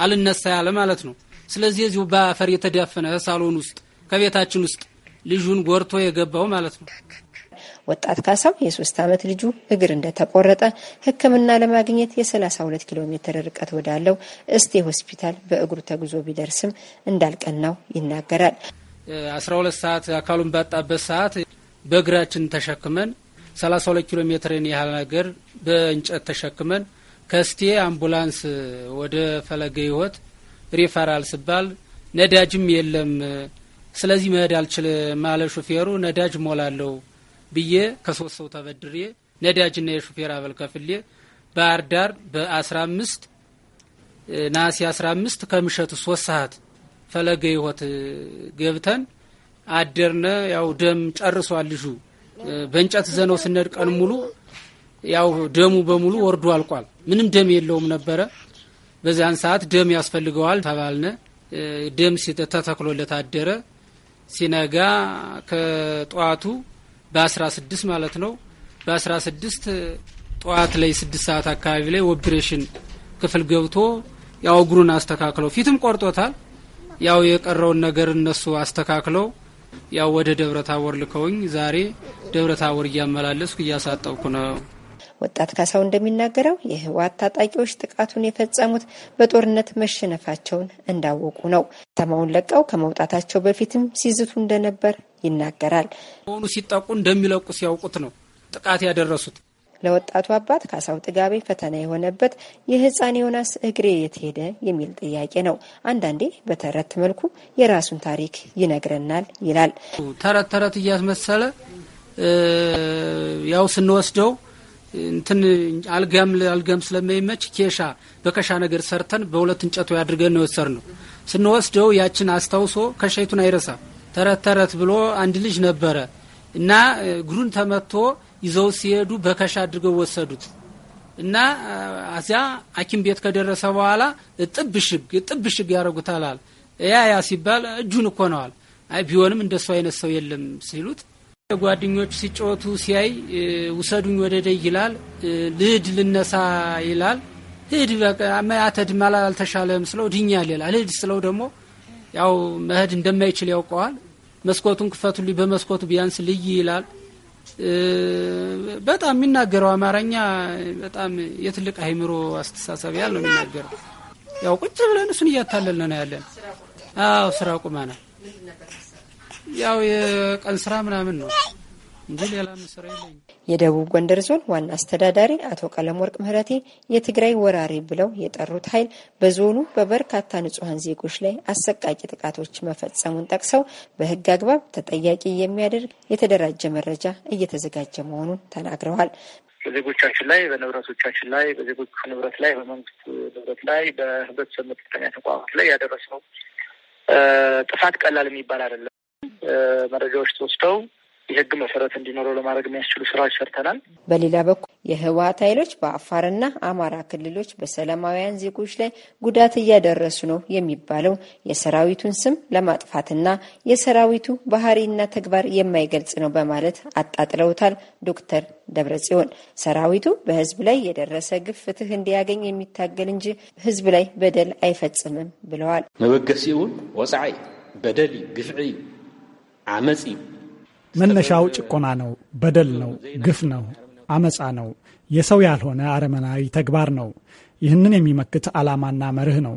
አልነሳ ያለ ማለት ነው። ስለዚህ እዚሁ በአፈር የተዳፈነ ሳሎን ውስጥ ከቤታችን ውስጥ ልጁን ጎርቶ የገባው ማለት ነው። ወጣት ካሳው የሶስት ዓመት ልጁ እግር እንደተቆረጠ ሕክምና ለማግኘት የ32 ኪሎ ሜትር ርቀት ወዳለው እስቴ ሆስፒታል በእግሩ ተጉዞ ቢደርስም እንዳልቀናው ይናገራል። 12 ሰዓት አካሉን ባጣበት ሰዓት በእግራችን ተሸክመን ሁለት ኪሎ ሜትርን ያህል ነገር በእንጨት ተሸክመን ከስቴ አምቡላንስ ወደ ፈለገ ህይወት ሪፈራል ስባል ነዳጅም የለም። ስለዚህ መሄድ አልችል ማለ ሹፌሩ ነዳጅ ሞላለሁ ብዬ ከሶስት ሰው ተበድሬ ነዳጅና የሹፌር አበል ከፍሌ ባህር ዳር በ15 ነሐሴ አምስት ከምሸቱ ሶስት ሰዓት ፈለገ ህይወት ገብተን አደርነ። ያው ደም ጨርሷል ልጁ በእንጨት ዘነው ስነድቀን ቀን ሙሉ ያው ደሙ በሙሉ ወርዶ አልቋል። ምንም ደም የለውም ነበረ። በዚያን ሰዓት ደም ያስፈልገዋል ተባልነ። ደም ተተክሎለት አደረ። ሲነጋ ከጠዋቱ በ16 ማለት ነው በ16 ጠዋት ላይ ስድስት ሰዓት አካባቢ ላይ ኦፕሬሽን ክፍል ገብቶ ያው እግሩን አስተካክለው ፊትም ቆርጦታል። ያው የቀረውን ነገር እነሱ አስተካክለው ያው ወደ ደብረ ታቦር ልከውኝ ዛሬ ደብረ ታቦር እያመላለስኩ እያሳጠብኩ ነው። ወጣት ካሳው እንደሚናገረው የህወሓት ታጣቂዎች ጥቃቱን የፈጸሙት በጦርነት መሸነፋቸውን እንዳወቁ ነው። ከተማውን ለቀው ከመውጣታቸው በፊትም ሲዝቱ እንደነበር ይናገራል። ሆኑ ሲጠቁ እንደሚለቁ ሲያውቁት ነው ጥቃት ያደረሱት። ለወጣቱ አባት ካሳው ጥጋቤ ፈተና የሆነበት የህፃን ዮናስ እግሬ የት ሄደ የሚል ጥያቄ ነው። አንዳንዴ በተረት መልኩ የራሱን ታሪክ ይነግረናል ይላል። ተረት ተረት እያስመሰለ ያው ስንወስደው እንትን አልጋም አልጋም ስለማይመች ኬሻ በከሻ ነገር ሰርተን በሁለት እንጨቱ ያድርገን ነው ወሰር ነው ስንወስደው ያችን አስታውሶ ከሸይቱን አይረሳም። ተረት ተረት ብሎ አንድ ልጅ ነበረ እና እግሩን ተመቶ ይዘው ሲሄዱ በከሻ አድርገው ወሰዱት እና እዚያ ሐኪም ቤት ከደረሰ በኋላ እጥብ ሽግ እጥብ ሽግ ያደረጉታል ያ ያ ሲባል እጁን እኮ ነዋል። አይ ቢሆንም እንደሱ አይነት ሰው የለም ሲሉት ጓደኞች ሲጫወቱ ሲያይ ውሰዱኝ ወደ ደይ ይላል። ልሂድ ልነሳ ይላል። ሂድ በቃ ማላ አልተሻለም ስለው ድኛል ይላል። ልሂድ ስለው ደግሞ ያው መሄድ እንደማይችል ያውቀዋል። መስኮቱን ክፈቱልኝ፣ በመስኮቱ ቢያንስ ልይ ይላል። በጣም የሚናገረው አማርኛ በጣም የትልቅ አይምሮ አስተሳሰብ ያለው የሚናገረው ያው ቁጭ ብለን እሱን እያታለልን ነው ያለን። አዎ ስራ ቁመናል። ያው የቀን ስራ ምናምን ነው እንጂ ሌላ ስራ የለኝም። የደቡብ ጎንደር ዞን ዋና አስተዳዳሪ አቶ ቀለም ወርቅ ምህረቴ የትግራይ ወራሪ ብለው የጠሩት ኃይል በዞኑ በበርካታ ንጹሐን ዜጎች ላይ አሰቃቂ ጥቃቶች መፈጸሙን ጠቅሰው በህግ አግባብ ተጠያቂ የሚያደርግ የተደራጀ መረጃ እየተዘጋጀ መሆኑን ተናግረዋል። በዜጎቻችን ላይ በንብረቶቻችን ላይ በዜጎቹ ንብረት ላይ በመንግስት ንብረት ላይ በህብረተሰብ መጠጠኛ ተቋማት ላይ ያደረስነው ጥፋት ቀላል የሚባል አይደለም። መረጃዎች ተወስደው የህግ መሰረት እንዲኖረው ለማድረግ የሚያስችሉ ስራዎች ሰርተናል። በሌላ በኩል የህወሀት ኃይሎች በአፋርና አማራ ክልሎች በሰላማውያን ዜጎች ላይ ጉዳት እያደረሱ ነው የሚባለው የሰራዊቱን ስም ለማጥፋትና የሰራዊቱ ባህሪና ተግባር የማይገልጽ ነው በማለት አጣጥለውታል። ዶክተር ደብረ ጽዮን ሰራዊቱ በህዝብ ላይ የደረሰ ግፍ ፍትህ እንዲያገኝ የሚታገል እንጂ ህዝብ ላይ በደል አይፈጽምም ብለዋል። እውን ወፃዓይ በደል ግፍዒ ዓመፅ መነሻው ጭቆና ነው፣ በደል ነው፣ ግፍ ነው፣ አመፃ ነው፣ የሰው ያልሆነ አረመናዊ ተግባር ነው። ይህንን የሚመክት ዓላማና መርህ ነው።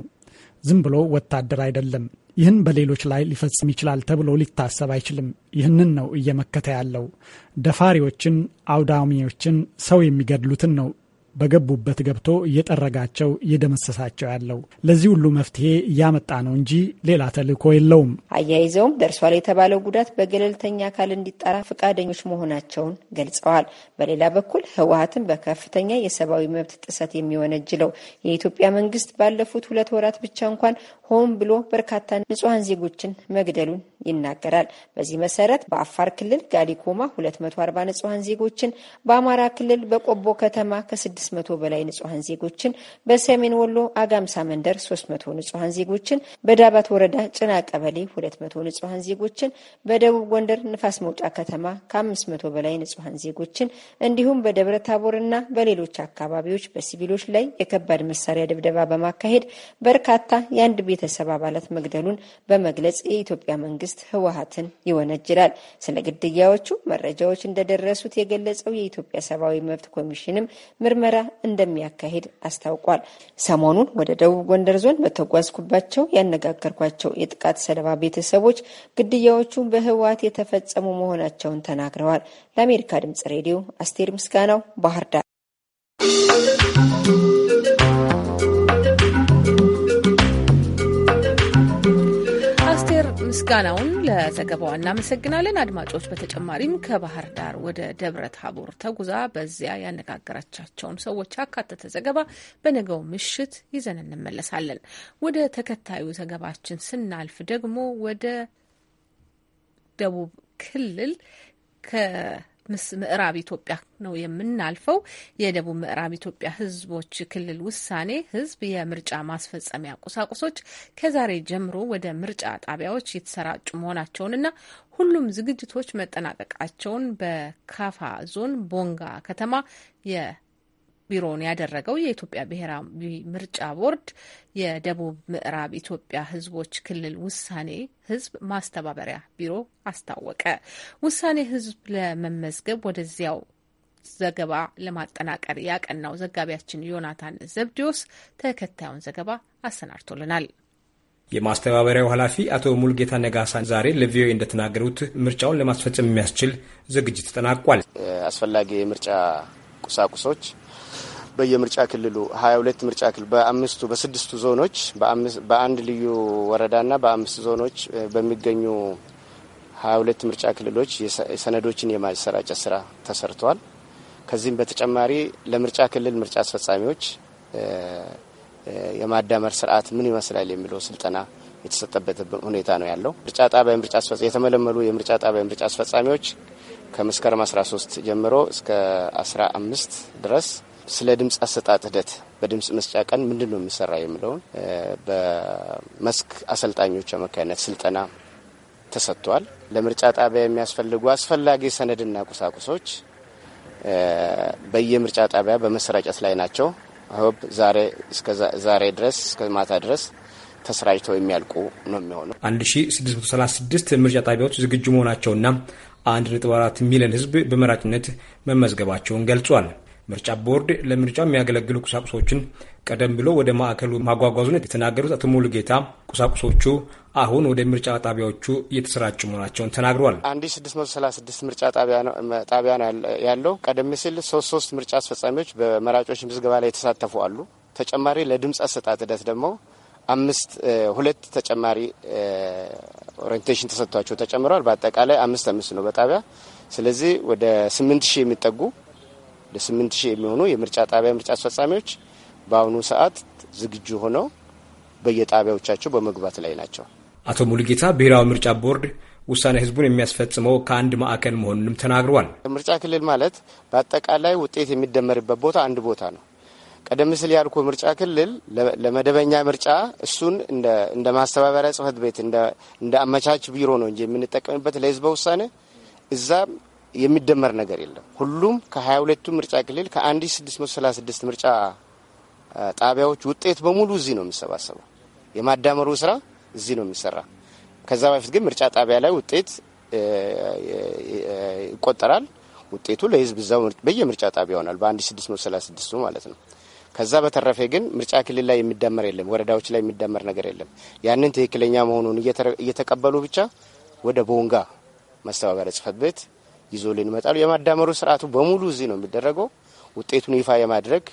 ዝም ብሎ ወታደር አይደለም። ይህን በሌሎች ላይ ሊፈጽም ይችላል ተብሎ ሊታሰብ አይችልም። ይህንን ነው እየመከተ ያለው። ደፋሪዎችን፣ አውዳሚዎችን፣ ሰው የሚገድሉትን ነው በገቡበት ገብቶ እየጠረጋቸው እየደመሰሳቸው ያለው ለዚህ ሁሉ መፍትሄ እያመጣ ነው እንጂ ሌላ ተልእኮ የለውም። አያይዘውም ደርሷል የተባለው ጉዳት በገለልተኛ አካል እንዲጣራ ፈቃደኞች መሆናቸውን ገልጸዋል። በሌላ በኩል ህወሀትን በከፍተኛ የሰብአዊ መብት ጥሰት የሚወነጅለው የኢትዮጵያ መንግስት ባለፉት ሁለት ወራት ብቻ እንኳን ሆን ብሎ በርካታ ንጹሐን ዜጎችን መግደሉን ይናገራል። በዚህ መሰረት በአፋር ክልል ጋሊኮማ 240 ንጹሐን ዜጎችን፣ በአማራ ክልል በቆቦ ከተማ ከ ከ መቶ በላይ ንጹሐን ዜጎችን፣ በሰሜን ወሎ አጋምሳ መንደር 300 ንጹሐን ዜጎችን፣ በዳባት ወረዳ ጭና ቀበሌ 200 ንጹሐን ዜጎችን፣ በደቡብ ጎንደር ንፋስ መውጫ ከተማ ከ500 በላይ ንጹሐን ዜጎችን እንዲሁም በደብረ ታቦርና በሌሎች አካባቢዎች በሲቪሎች ላይ የከባድ መሳሪያ ድብደባ በማካሄድ በርካታ የአንድ ቤተሰብ አባላት መግደሉን በመግለጽ የኢትዮጵያ መንግስት ህወሀትን ይወነጅላል። ስለ ግድያዎቹ መረጃዎች እንደደረሱት የገለጸው የኢትዮጵያ ሰብአዊ መብት ኮሚሽንም ምርመራ ምርመራ እንደሚያካሂድ አስታውቋል። ሰሞኑን ወደ ደቡብ ጎንደር ዞን በተጓዝኩባቸው ያነጋገርኳቸው የጥቃት ሰለባ ቤተሰቦች ግድያዎቹ በህወሓት የተፈጸሙ መሆናቸውን ተናግረዋል። ለአሜሪካ ድምጽ ሬዲዮ አስቴር ምስጋናው ባህር ዳር ምስጋናውን ለዘገባው እናመሰግናለን። አድማጮች፣ በተጨማሪም ከባህር ዳር ወደ ደብረ ታቦር ተጉዛ በዚያ ያነጋገረቻቸውን ሰዎች ያካተተ ዘገባ በነገው ምሽት ይዘን እንመለሳለን። ወደ ተከታዩ ዘገባችን ስናልፍ ደግሞ ወደ ደቡብ ክልል ምዕራብ ኢትዮጵያ ነው የምናልፈው። የደቡብ ምዕራብ ኢትዮጵያ ህዝቦች ክልል ውሳኔ ህዝብ የምርጫ ማስፈጸሚያ ቁሳቁሶች ከዛሬ ጀምሮ ወደ ምርጫ ጣቢያዎች የተሰራጩ መሆናቸውንና ሁሉም ዝግጅቶች መጠናቀቃቸውን በካፋ ዞን ቦንጋ ከተማ ቢሮውን ያደረገው የኢትዮጵያ ብሔራዊ ምርጫ ቦርድ የደቡብ ምዕራብ ኢትዮጵያ ሕዝቦች ክልል ውሳኔ ሕዝብ ማስተባበሪያ ቢሮ አስታወቀ። ውሳኔ ሕዝብ ለመመዝገብ ወደዚያው ዘገባ ለማጠናቀር ያቀናው ዘጋቢያችን ዮናታን ዘብዲዮስ ተከታዩን ዘገባ አሰናድቶልናል። የማስተባበሪያው ኃላፊ አቶ ሙልጌታ ነጋሳ ዛሬ ለቪኦኤ እንደተናገሩት ምርጫውን ለማስፈጸም የሚያስችል ዝግጅት ተጠናቋል። አስፈላጊ የምርጫ ቁሳቁሶች በየምርጫ ክልሉ ሀያ ሁለት ምርጫ ክልል በአምስቱ በስድስቱ ዞኖች በአንድ ልዩ ወረዳና በአምስት ዞኖች በሚገኙ ሀያ ሁለት ምርጫ ክልሎች ሰነዶችን የማሰራጨት ስራ ተሰርተዋል። ከዚህም በተጨማሪ ለምርጫ ክልል ምርጫ አስፈጻሚዎች የማዳመር ስርዓት ምን ይመስላል የሚለው ስልጠና የተሰጠበት ሁኔታ ነው ያለው። ምርጫ ጣቢያ ምርጫ የተመለመሉ የምርጫ ጣቢያ ምርጫ አስፈጻሚዎች ከመስከረም 13 ጀምሮ እስከ 15 ድረስ ስለ ድምፅ አሰጣጥ ሂደት በድምፅ መስጫ ቀን ምንድን ነው የሚሰራ የሚለውን በመስክ አሰልጣኞች አማካኝነት ስልጠና ተሰጥቷል። ለምርጫ ጣቢያ የሚያስፈልጉ አስፈላጊ ሰነድና ቁሳቁሶች በየምርጫ ጣቢያ በመሰራጨት ላይ ናቸው። ሆብ ዛሬ እስከ ዛሬ ድረስ እስከ ማታ ድረስ ተሰራጭተው የሚያልቁ ነው የሚሆነው። 1636 ምርጫ ጣቢያዎች ዝግጁ መሆናቸውና 1.4 ሚሊዮን ሕዝብ በመራጭነት መመዝገባቸውን ገልጿል። ምርጫ ቦርድ ለምርጫ የሚያገለግሉ ቁሳቁሶችን ቀደም ብሎ ወደ ማዕከሉ ማጓጓዙን የተናገሩት አቶ ሙሉጌታ ቁሳቁሶቹ አሁን ወደ ምርጫ ጣቢያዎቹ እየተሰራጩ መሆናቸውን ተናግረዋል። አንድ ስድስት መቶ ሰላሳ ስድስት ምርጫ ጣቢያ ነው ያለው። ቀደም ሲል ሶስት ሶስት ምርጫ አስፈጻሚዎች በመራጮች ምዝገባ ላይ የተሳተፉ አሉ። ተጨማሪ ለድምፅ አሰጣጥ ሂደት ደግሞ አምስት ሁለት ተጨማሪ ኦሪንቴሽን ተሰጥቷቸው ተጨምረዋል። በአጠቃላይ አምስት አምስት ነው በጣቢያ ስለዚህ ወደ ስምንት ሺህ የሚጠጉ ወደ ስምንት ሺህ የሚሆኑ የምርጫ ጣቢያ ምርጫ አስፈጻሚዎች በአሁኑ ሰዓት ዝግጁ ሆነው በየጣቢያዎቻቸው በመግባት ላይ ናቸው። አቶ ሙሉጌታ ብሔራዊ ምርጫ ቦርድ ውሳኔ ህዝቡን የሚያስፈጽመው ከአንድ ማዕከል መሆኑንም ተናግሯል። ምርጫ ክልል ማለት በአጠቃላይ ውጤት የሚደመርበት ቦታ አንድ ቦታ ነው። ቀደም ሲል ያልኩ ምርጫ ክልል ለመደበኛ ምርጫ እሱን እንደ ማስተባበሪያ ጽህፈት ቤት እንደ አመቻች ቢሮ ነው እንጂ የምንጠቀምበት ለህዝበ ውሳኔ እዛም የሚደመር ነገር የለም። ሁሉም ከ22ቱ ምርጫ ክልል ከ1636 ምርጫ ጣቢያዎች ውጤት በሙሉ እዚህ ነው የሚሰባሰበው። የማዳመሩ ስራ እዚህ ነው የሚሰራ። ከዛ በፊት ግን ምርጫ ጣቢያ ላይ ውጤት ይቆጠራል። ውጤቱ ለህዝብ እዛው በየምርጫ ጣቢያ ይሆናል፣ ስድስቱ ማለት ነው። ከዛ በተረፈ ግን ምርጫ ክልል ላይ የሚደመር የለም፣ ወረዳዎች ላይ የሚደመር ነገር የለም። ያንን ትክክለኛ መሆኑን እየተቀበሉ ብቻ ወደ ቦንጋ ማስተባበሪያ ጽህፈት ቤት ይዞልን ይመጣሉ። የማዳመሩ ስርዓቱ በሙሉ እዚህ ነው የሚደረገው። ውጤቱን ይፋ የማድረግ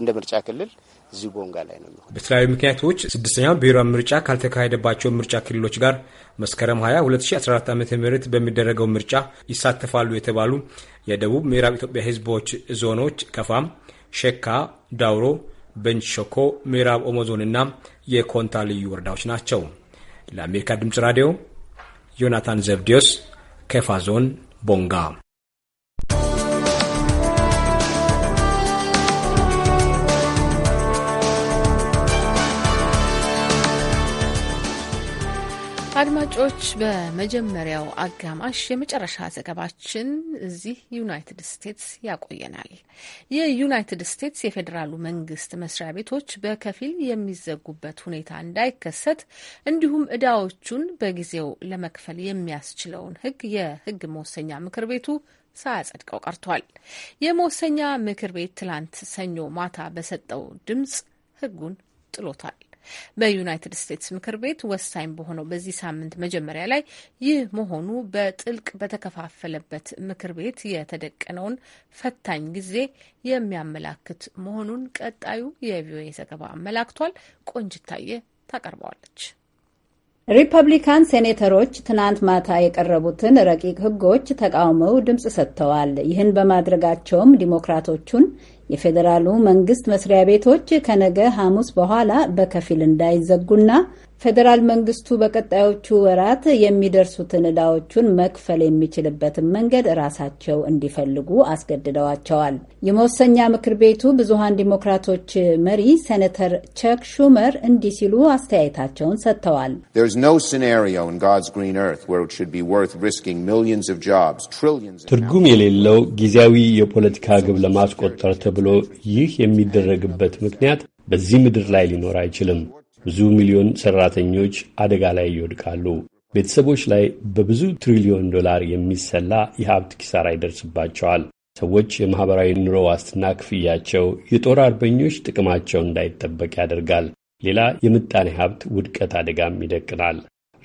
እንደ ምርጫ ክልል እዚህ ቦንጋ ላይ ነው የሚሆን። በተለያዩ ምክንያቶች ስድስተኛው ብሔራዊ ምርጫ ካልተካሄደባቸው ምርጫ ክልሎች ጋር መስከረም 20 2014 ዓ ም በሚደረገው ምርጫ ይሳተፋሉ የተባሉ የደቡብ ምዕራብ ኢትዮጵያ ህዝቦች ዞኖች ከፋም፣ ሸካ፣ ዳውሮ፣ ቤንች ሸኮ፣ ምዕራብ ኦሞ ዞን እና የኮንታ ልዩ ወረዳዎች ናቸው። ለአሜሪካ ድምፅ ራዲዮ ዮናታን ዘብዲዮስ ከፋ ዞን 贡嘎。አድማጮች በመጀመሪያው አጋማሽ የመጨረሻ ዘገባችን እዚህ ዩናይትድ ስቴትስ ያቆየናል። የዩናይትድ ስቴትስ የፌዴራሉ መንግስት መስሪያ ቤቶች በከፊል የሚዘጉበት ሁኔታ እንዳይከሰት እንዲሁም እዳዎቹን በጊዜው ለመክፈል የሚያስችለውን ህግ የህግ መወሰኛ ምክር ቤቱ ሳያጸድቀው ቀርቷል። የመወሰኛ ምክር ቤት ትላንት ሰኞ ማታ በሰጠው ድምጽ ህጉን ጥሎታል። በዩናይትድ ስቴትስ ምክር ቤት ወሳኝ በሆነው በዚህ ሳምንት መጀመሪያ ላይ ይህ መሆኑ በጥልቅ በተከፋፈለበት ምክር ቤት የተደቀነውን ፈታኝ ጊዜ የሚያመላክት መሆኑን ቀጣዩ የቪኦኤ ዘገባ አመላክቷል። ቆንጅታየ ታቀርበዋለች። ሪፐብሊካን ሴኔተሮች ትናንት ማታ የቀረቡትን ረቂቅ ሕጎች ተቃውመው ድምፅ ሰጥተዋል። ይህን በማድረጋቸውም ዲሞክራቶቹን የፌዴራሉ መንግስት መስሪያ ቤቶች ከነገ ሐሙስ በኋላ በከፊል እንዳይዘጉና ፌዴራል መንግስቱ በቀጣዮቹ ወራት የሚደርሱትን ዕዳዎቹን መክፈል የሚችልበትን መንገድ ራሳቸው እንዲፈልጉ አስገድደዋቸዋል። የመወሰኛ ምክር ቤቱ ብዙሃን ዲሞክራቶች መሪ ሴኔተር ቸክ ሹመር እንዲህ ሲሉ አስተያየታቸውን ሰጥተዋል። ትርጉም የሌለው ጊዜያዊ የፖለቲካ ግብ ለማስቆጠር ተብሎ ይህ የሚደረግበት ምክንያት በዚህ ምድር ላይ ሊኖር አይችልም። ብዙ ሚሊዮን ሠራተኞች አደጋ ላይ ይወድቃሉ። ቤተሰቦች ላይ በብዙ ትሪሊዮን ዶላር የሚሰላ የሀብት ኪሳራ ይደርስባቸዋል። ሰዎች የማኅበራዊ ኑሮ ዋስትና ክፍያቸው፣ የጦር አርበኞች ጥቅማቸው እንዳይጠበቅ ያደርጋል። ሌላ የምጣኔ ሀብት ውድቀት አደጋም ይደቅናል።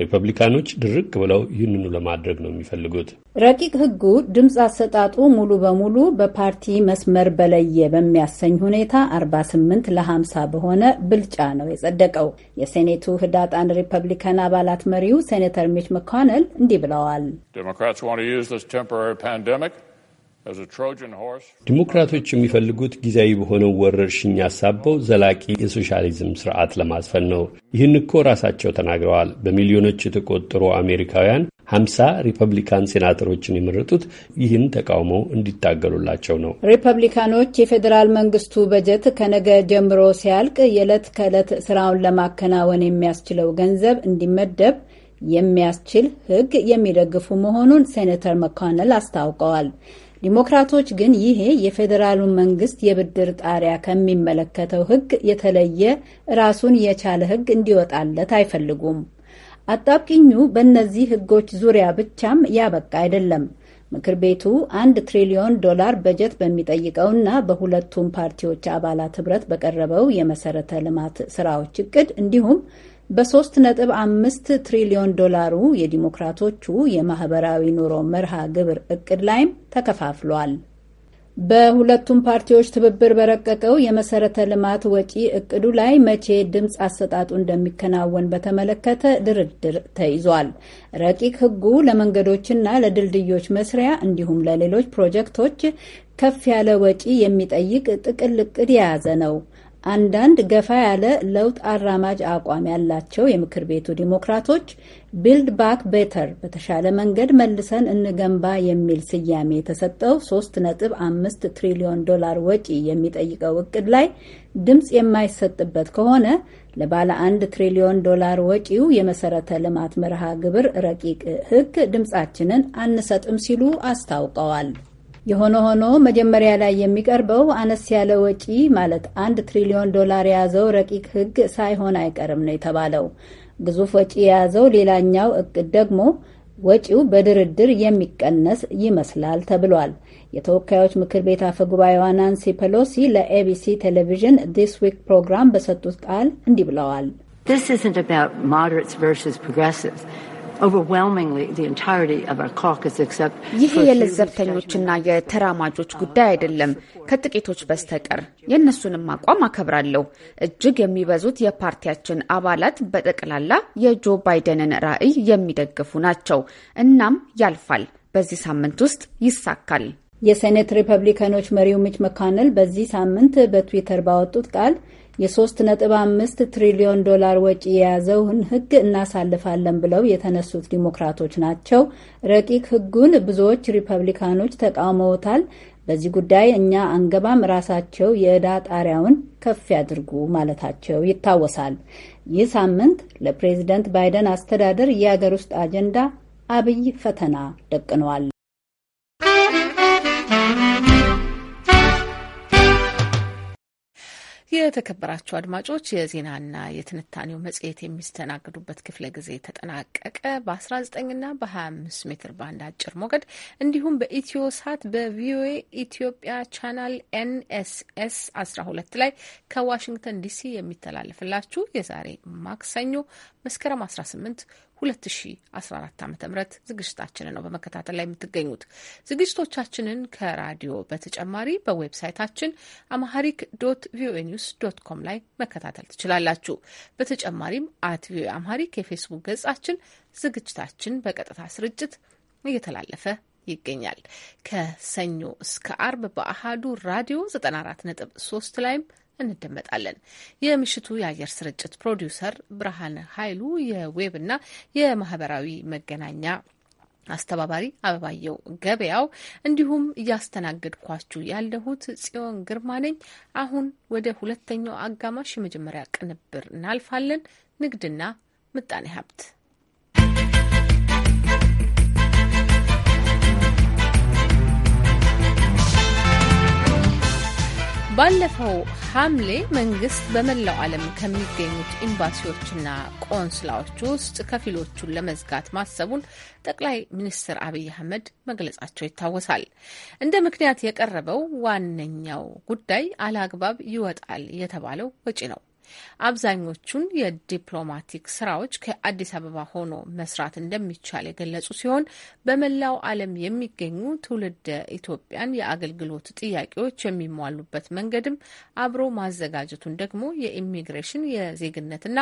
ሪፐብሊካኖች ድርቅ ብለው ይህንኑ ለማድረግ ነው የሚፈልጉት። ረቂቅ ህጉ ድምፅ አሰጣጡ ሙሉ በሙሉ በፓርቲ መስመር በለየ በሚያሰኝ ሁኔታ 48 ለ50 በሆነ ብልጫ ነው የጸደቀው። የሴኔቱ ህዳጣን ሪፐብሊካን አባላት መሪው ሴኔተር ሚች መኮነል እንዲህ ብለዋል። ዲሞክራትስ ዲሞክራቶች የሚፈልጉት ጊዜያዊ በሆነው ወረርሽኝ ያሳበው ዘላቂ የሶሻሊዝም ስርዓት ለማስፈን ነው። ይህን እኮ ራሳቸው ተናግረዋል። በሚሊዮኖች የተቆጠሩ አሜሪካውያን ሀምሳ ሪፐብሊካን ሴናተሮችን የመረጡት ይህን ተቃውሞ እንዲታገሉላቸው ነው። ሪፐብሊካኖች የፌዴራል መንግስቱ በጀት ከነገ ጀምሮ ሲያልቅ የዕለት ከዕለት ስራውን ለማከናወን የሚያስችለው ገንዘብ እንዲመደብ የሚያስችል ህግ የሚደግፉ መሆኑን ሴኔተር መኮንል አስታውቀዋል። ዲሞክራቶች ግን ይሄ የፌዴራሉን መንግስት የብድር ጣሪያ ከሚመለከተው ህግ የተለየ ራሱን የቻለ ህግ እንዲወጣለት አይፈልጉም። አጣብቂኙ በእነዚህ ህጎች ዙሪያ ብቻም ያበቃ አይደለም። ምክር ቤቱ አንድ ትሪሊዮን ዶላር በጀት በሚጠይቀውና በሁለቱም ፓርቲዎች አባላት ህብረት በቀረበው የመሰረተ ልማት ስራዎች እቅድ እንዲሁም በሶስት ነጥብ አምስት ትሪሊዮን ዶላሩ የዲሞክራቶቹ የማህበራዊ ኑሮ መርሃ ግብር እቅድ ላይም ተከፋፍሏል። በሁለቱም ፓርቲዎች ትብብር በረቀቀው የመሰረተ ልማት ወጪ እቅዱ ላይ መቼ ድምፅ አሰጣጡ እንደሚከናወን በተመለከተ ድርድር ተይዟል። ረቂቅ ሕጉ ለመንገዶችና ለድልድዮች መስሪያ እንዲሁም ለሌሎች ፕሮጀክቶች ከፍ ያለ ወጪ የሚጠይቅ ጥቅል እቅድ የያዘ ነው። አንዳንድ ገፋ ያለ ለውጥ አራማጅ አቋም ያላቸው የምክር ቤቱ ዲሞክራቶች ቢልድ ባክ ቤተር በተሻለ መንገድ መልሰን እንገንባ የሚል ስያሜ የተሰጠው 3.5 ትሪሊዮን ዶላር ወጪ የሚጠይቀው እቅድ ላይ ድምፅ የማይሰጥበት ከሆነ ለባለ አንድ ትሪሊዮን ዶላር ወጪው የመሰረተ ልማት መርሃ ግብር ረቂቅ ሕግ ድምፃችንን አንሰጥም ሲሉ አስታውቀዋል። የሆነ ሆኖ መጀመሪያ ላይ የሚቀርበው አነስ ያለ ወጪ ማለት አንድ ትሪሊዮን ዶላር የያዘው ረቂቅ ሕግ ሳይሆን አይቀርም ነው የተባለው። ግዙፍ ወጪ የያዘው ሌላኛው እቅድ ደግሞ ወጪው በድርድር የሚቀነስ ይመስላል ተብሏል። የተወካዮች ምክር ቤት አፈ ጉባኤዋ ናንሲ ፔሎሲ ለኤቢሲ ቴሌቪዥን ዲስ ዊክ ፕሮግራም በሰጡት ቃል እንዲህ ብለዋል። This isn't about moderates versus progressives. ይህ የለዘብተኞችና የተራማጆች ጉዳይ አይደለም፣ ከጥቂቶች በስተቀር የእነሱንም አቋም አከብራለሁ። እጅግ የሚበዙት የፓርቲያችን አባላት በጠቅላላ የጆ ባይደንን ራዕይ የሚደግፉ ናቸው። እናም ያልፋል፣ በዚህ ሳምንት ውስጥ ይሳካል። የሴኔት ሪፐብሊካኖች መሪው ሚች መካነል በዚህ ሳምንት በትዊተር ባወጡት ቃል የ3.5 ትሪሊዮን ዶላር ወጪ የያዘውን ህግ እናሳልፋለን ብለው የተነሱት ዲሞክራቶች ናቸው። ረቂቅ ህጉን ብዙዎች ሪፐብሊካኖች ተቃውመውታል። በዚህ ጉዳይ እኛ አንገባም፣ ራሳቸው የዕዳ ጣሪያውን ከፍ ያድርጉ ማለታቸው ይታወሳል። ይህ ሳምንት ለፕሬዝደንት ባይደን አስተዳደር የአገር ውስጥ አጀንዳ አብይ ፈተና ደቅነዋል። የተከበራቸው አድማጮች የዜናና የትንታኔው መጽሔት የሚስተናግዱበት ክፍለ ጊዜ ተጠናቀቀ። በ19ና በ25 ሜትር ባንድ አጭር ሞገድ እንዲሁም በኢትዮ ሳት በቪኦኤ ኢትዮጵያ ቻናል ኤንኤስኤስ 12 ላይ ከዋሽንግተን ዲሲ የሚተላለፍላችሁ የዛሬ ማክሰኞ መስከረም 18 2014 ዓ ም ዝግጅታችንን ነው በመከታተል ላይ የምትገኙት። ዝግጅቶቻችንን ከራዲዮ በተጨማሪ በዌብሳይታችን አማሐሪክ ዶት ቪኦኤ ኒውስ ዶት ኮም ላይ መከታተል ትችላላችሁ። በተጨማሪም አት ቪኦኤ አማሃሪክ የፌስቡክ ገጻችን ዝግጅታችን በቀጥታ ስርጭት እየተላለፈ ይገኛል። ከሰኞ እስከ አርብ በአሃዱ ራዲዮ 94.3 ላይም እንደመጣለን። የምሽቱ የአየር ስርጭት ፕሮዲውሰር ብርሃን ኃይሉ፣ የዌብ እና የማህበራዊ መገናኛ አስተባባሪ አበባየው ገበያው፣ እንዲሁም እያስተናገድኳችሁ ያለሁት ጽዮን ግርማ ነኝ። አሁን ወደ ሁለተኛው አጋማሽ የመጀመሪያ ቅንብር እናልፋለን። ንግድና ምጣኔ ሀብት ባለፈው ሐምሌ መንግስት በመላው ዓለም ከሚገኙት ኤምባሲዎችና ቆንስላዎች ውስጥ ከፊሎቹን ለመዝጋት ማሰቡን ጠቅላይ ሚኒስትር አብይ አህመድ መግለጻቸው ይታወሳል። እንደ ምክንያት የቀረበው ዋነኛው ጉዳይ አላግባብ ይወጣል የተባለው ወጪ ነው። አብዛኞቹን የዲፕሎማቲክ ስራዎች ከአዲስ አበባ ሆኖ መስራት እንደሚቻል የገለጹ ሲሆን በመላው ዓለም የሚገኙ ትውልደ ኢትዮጵያን የአገልግሎት ጥያቄዎች የሚሟሉበት መንገድም አብሮ ማዘጋጀቱን ደግሞ የኢሚግሬሽን የዜግነትና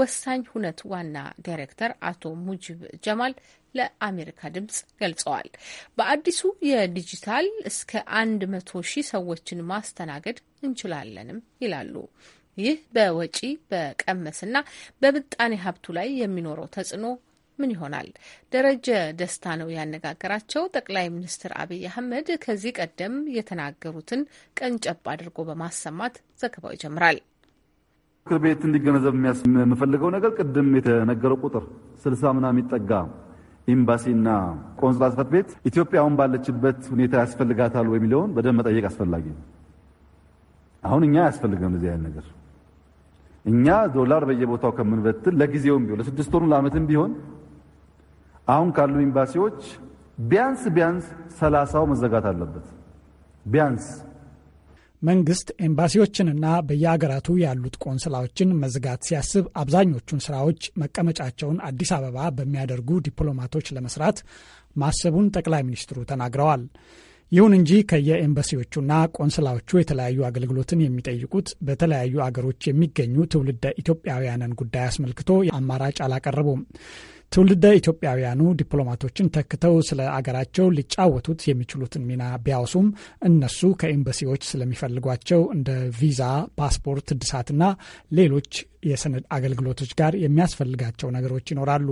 ወሳኝ ሁነት ዋና ዳይሬክተር አቶ ሙጂብ ጀማል ለአሜሪካ ድምጽ ገልጸዋል። በአዲሱ የዲጂታል እስከ አንድ መቶ ሺህ ሰዎችን ማስተናገድ እንችላለንም ይላሉ። ይህ በወጪ በቀመስና በምጣኔ ሀብቱ ላይ የሚኖረው ተጽዕኖ ምን ይሆናል? ደረጀ ደስታ ነው ያነጋገራቸው። ጠቅላይ ሚኒስትር አብይ አህመድ ከዚህ ቀደም የተናገሩትን ቀንጨብ አድርጎ በማሰማት ዘገባው ይጀምራል። ምክር ቤት እንዲገነዘብ የምፈልገው ነገር ቅድም የተነገረው ቁጥር ስልሳ ምናምን የሚጠጋ ኤምባሲና ቆንስላ ጽሕፈት ቤት ኢትዮጵያ አሁን ባለችበት ሁኔታ ያስፈልጋታል ወይ የሚለውን በደንብ መጠየቅ አስፈላጊ ነው። አሁን እኛ አያስፈልገም እዚህ አይነት ነገር እኛ ዶላር በየቦታው ከምንበትል ለጊዜውም ቢሆን ለስድስት ወሩ ለዓመትም ቢሆን አሁን ካሉ ኤምባሲዎች ቢያንስ ቢያንስ ሰላሳው መዘጋት አለበት። ቢያንስ መንግስት ኤምባሲዎችንና በየአገራቱ ያሉት ቆንስላዎችን መዝጋት ሲያስብ አብዛኞቹን ስራዎች መቀመጫቸውን አዲስ አበባ በሚያደርጉ ዲፕሎማቶች ለመስራት ማሰቡን ጠቅላይ ሚኒስትሩ ተናግረዋል። ይሁን እንጂ ከየኤምባሲዎቹና ቆንስላዎቹ የተለያዩ አገልግሎትን የሚጠይቁት በተለያዩ አገሮች የሚገኙ ትውልደ ኢትዮጵያውያንን ጉዳይ አስመልክቶ አማራጭ አላቀረቡም። ትውልደ ኢትዮጵያውያኑ ዲፕሎማቶችን ተክተው ስለ አገራቸው ሊጫወቱት የሚችሉትን ሚና ቢያውሱም እነሱ ከኤምባሲዎች ስለሚፈልጓቸው እንደ ቪዛ፣ ፓስፖርት እድሳትና ሌሎች የሰነድ አገልግሎቶች ጋር የሚያስፈልጋቸው ነገሮች ይኖራሉ።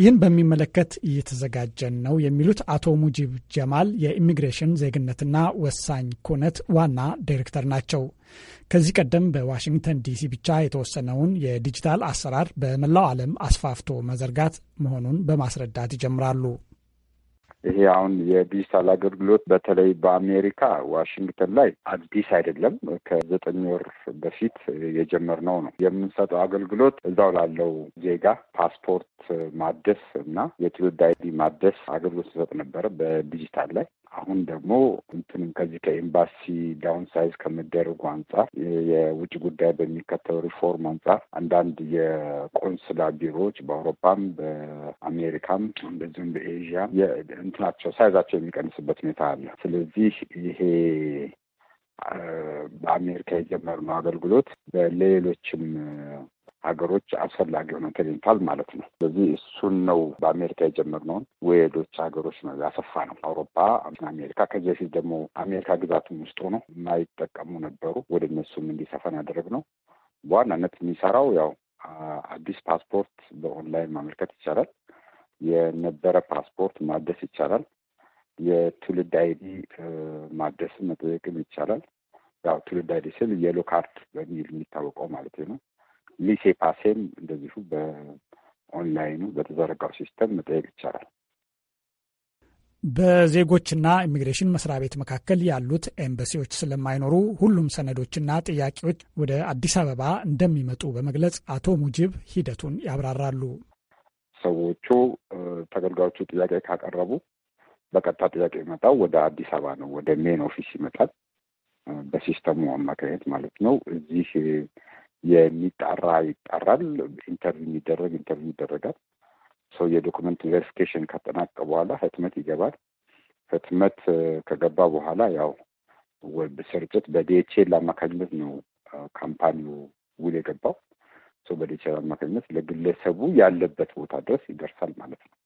ይህን በሚመለከት እየተዘጋጀን ነው የሚሉት አቶ ሙጂብ ጀማል የኢሚግሬሽን ዜግነትና ወሳኝ ኩነት ዋና ዳይሬክተር ናቸው። ከዚህ ቀደም በዋሽንግተን ዲሲ ብቻ የተወሰነውን የዲጂታል አሰራር በመላው ዓለም አስፋፍቶ መዘርጋት መሆኑን በማስረዳት ይጀምራሉ። ይሄ አሁን የዲጂታል አገልግሎት በተለይ በአሜሪካ ዋሽንግተን ላይ አዲስ አይደለም። ከዘጠኝ ወር በፊት የጀመርነው ነው። የምንሰጠው አገልግሎት እዛው ላለው ዜጋ ፓስፖርት ማደስ እና የትውልድ አይዲ ማደስ አገልግሎት ሰጥ ነበረ በዲጂታል ላይ አሁን ደግሞ እንትንም ከዚህ ከኤምባሲ ዳውን ሳይዝ ከመደረጉ አንጻር የውጭ ጉዳይ በሚከተለው ሪፎርም አንጻር አንዳንድ የቆንስላ ቢሮዎች በአውሮፓም በአሜሪካም እንደዚሁም በኤዥያ እንትናቸው ሳይዛቸው የሚቀንስበት ሁኔታ አለ። ስለዚህ ይሄ በአሜሪካ የጀመርነው አገልግሎት በሌሎችም ሀገሮች አስፈላጊ ሆኖ ተገኝቷል ማለት ነው። ስለዚህ እሱን ነው በአሜሪካ የጀመርነውን ወሌሎች ሀገሮች ነው ያሰፋ ነው። አውሮፓ፣ አሜሪካ ከዚህ በፊት ደግሞ አሜሪካ ግዛትም ውስጥ ሆኖ የማይጠቀሙ ነበሩ። ወደ እነሱም እንዲሰፈን ያደረግ ነው። በዋናነት የሚሰራው ያው አዲስ ፓስፖርት በኦንላይን ማመልከት ይቻላል። የነበረ ፓስፖርት ማደስ ይቻላል። የትውልድ አይዲ ማደስ መጠየቅም ይቻላል። ያው ትውልድ አይዲ ስል የሎ ካርድ በሚል የሚታወቀው ማለት ነው። ሊሴ ፓሴም እንደዚሁ በኦንላይኑ በተዘረጋው ሲስተም መጠየቅ ይቻላል። በዜጎችና ኢሚግሬሽን መስሪያ ቤት መካከል ያሉት ኤምባሲዎች ስለማይኖሩ ሁሉም ሰነዶችና ጥያቄዎች ወደ አዲስ አበባ እንደሚመጡ በመግለጽ አቶ ሙጅብ ሂደቱን ያብራራሉ። ሰዎቹ ተገልጋዮቹ ጥያቄ ካቀረቡ በቀጥታ ጥያቄ ይመጣው ወደ አዲስ አበባ ነው፣ ወደ ሜን ኦፊስ ይመጣል። በሲስተሙ አማካኝነት ማለት ነው። እዚህ የሚጣራ ይጣራል። ኢንተርቪው የሚደረግ ኢንተርቪው ይደረጋል። ሰው የዶክመንት ቬሪፊኬሽን ካጠናቀቀ በኋላ ህትመት ይገባል። ህትመት ከገባ በኋላ ያው ስርጭት በዲኤችኤል አማካኝነት ነው ካምፓኒው ውል የገባው ሰው በዲኤችኤል አማካኝነት ለግለሰቡ ያለበት ቦታ ድረስ ይደርሳል ማለት ነው።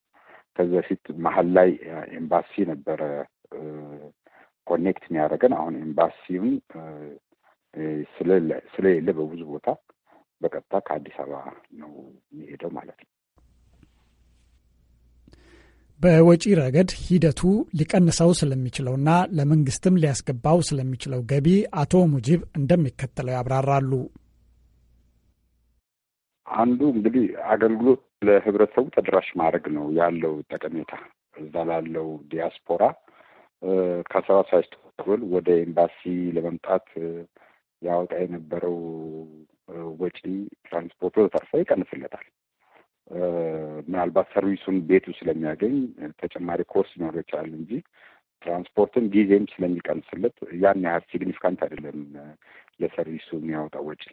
ከዚህ በፊት መሀል ላይ ኤምባሲ ነበረ ኮኔክት የሚያደርገን አሁን ኤምባሲውን ስለሌለ በብዙ ቦታ በቀጥታ ከአዲስ አበባ ነው የሚሄደው ማለት ነው። በወጪ ረገድ ሂደቱ ሊቀንሰው ስለሚችለውና ለመንግስትም ሊያስገባው ስለሚችለው ገቢ አቶ ሙጂብ እንደሚከተለው ያብራራሉ። አንዱ እንግዲህ አገልግሎት ለህብረተሰቡ ተደራሽ ማድረግ ነው ያለው ጠቀሜታ። እዛ ላለው ዲያስፖራ ከሰባ ሳይስተወል ወደ ኤምባሲ ለመምጣት ያወጣ የነበረው ወጪ ትራንስፖርቱ በተርፈ ይቀንስለታል። ምናልባት ሰርቪሱን ቤቱ ስለሚያገኝ ተጨማሪ ኮርስ ሊኖር ይችላል እንጂ ትራንስፖርትን ጊዜም ስለሚቀንስለት ያን ያህል ሲግኒፊካንት አይደለም ለሰርቪሱ የሚያወጣው ወጪ።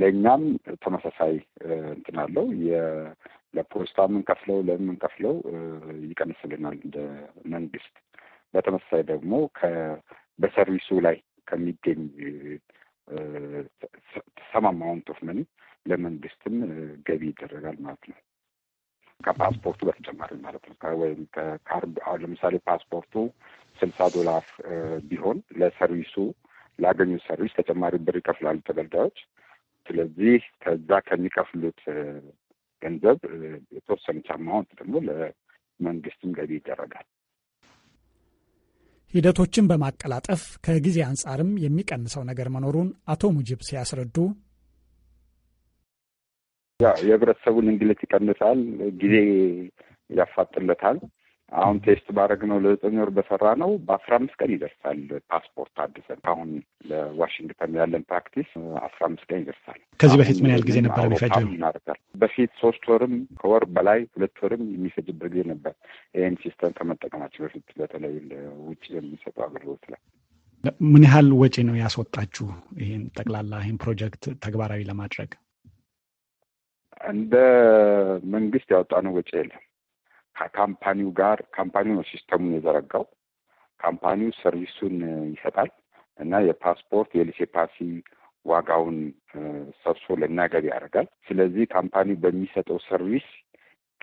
ለእኛም ተመሳሳይ እንትን አለው። ለፖስታ የምንከፍለው ለምንከፍለው ይቀንስልናል እንደ መንግስት። በተመሳሳይ ደግሞ በሰርቪሱ ላይ ከሚገኝ ሰም አማውንት ኦፍ መኒ ለመንግስትም ገቢ ይደረጋል ማለት ነው። ከፓስፖርቱ በተጨማሪ ማለት ነው። ወይም ከካርድ ለምሳሌ ፓስፖርቱ ስልሳ ዶላር ቢሆን ለሰርቪሱ ላገኙት ሰርቪስ ተጨማሪ ብር ይከፍላሉ ተገልጋዮች። ስለዚህ ከዛ ከሚከፍሉት ገንዘብ የተወሰነች አማውንት ደግሞ ለመንግስትም ገቢ ይደረጋል። ሂደቶችን በማቀላጠፍ ከጊዜ አንጻርም የሚቀንሰው ነገር መኖሩን አቶ ሙጅብ ሲያስረዱ ያው የህብረተሰቡን እንግልት ይቀንሳል፣ ጊዜ ያፋጥለታል። አሁን ቴስት ነው ለዘጠኝ ወር በሰራ ነው በአስራ አምስት ቀን ይደርሳል። ፓስፖርት አድሰን አሁን ለዋሽንግተን ያለን ፕራክቲስ አስራ አምስት ቀን ይደርሳል። ከዚህ በፊት ምን ያህል ጊዜ ነበር የሚፈጀው? በፊት ሶስት ወርም ከወር በላይ ሁለት ወርም የሚፈጅበት ጊዜ ነበር። ይህን ሲስተም ከመጠቀማቸው በፊት በተለይ ውጭ የሚሰጡ አገልግሎት ላይ ምን ያህል ወጪ ነው ያስወጣችሁ? ይህን ጠቅላላ ይህን ፕሮጀክት ተግባራዊ ለማድረግ እንደ መንግስት ያወጣነው ወጪ የለም ከካምፓኒው ጋር ካምፓኒው ነው ሲስተሙን የዘረጋው። ካምፓኒው ሰርቪሱን ይሰጣል እና የፓስፖርት የሊሴ ፓሲ ዋጋውን ሰብሶ ለእኛ ያደርጋል። ስለዚህ ካምፓኒው በሚሰጠው ሰርቪስ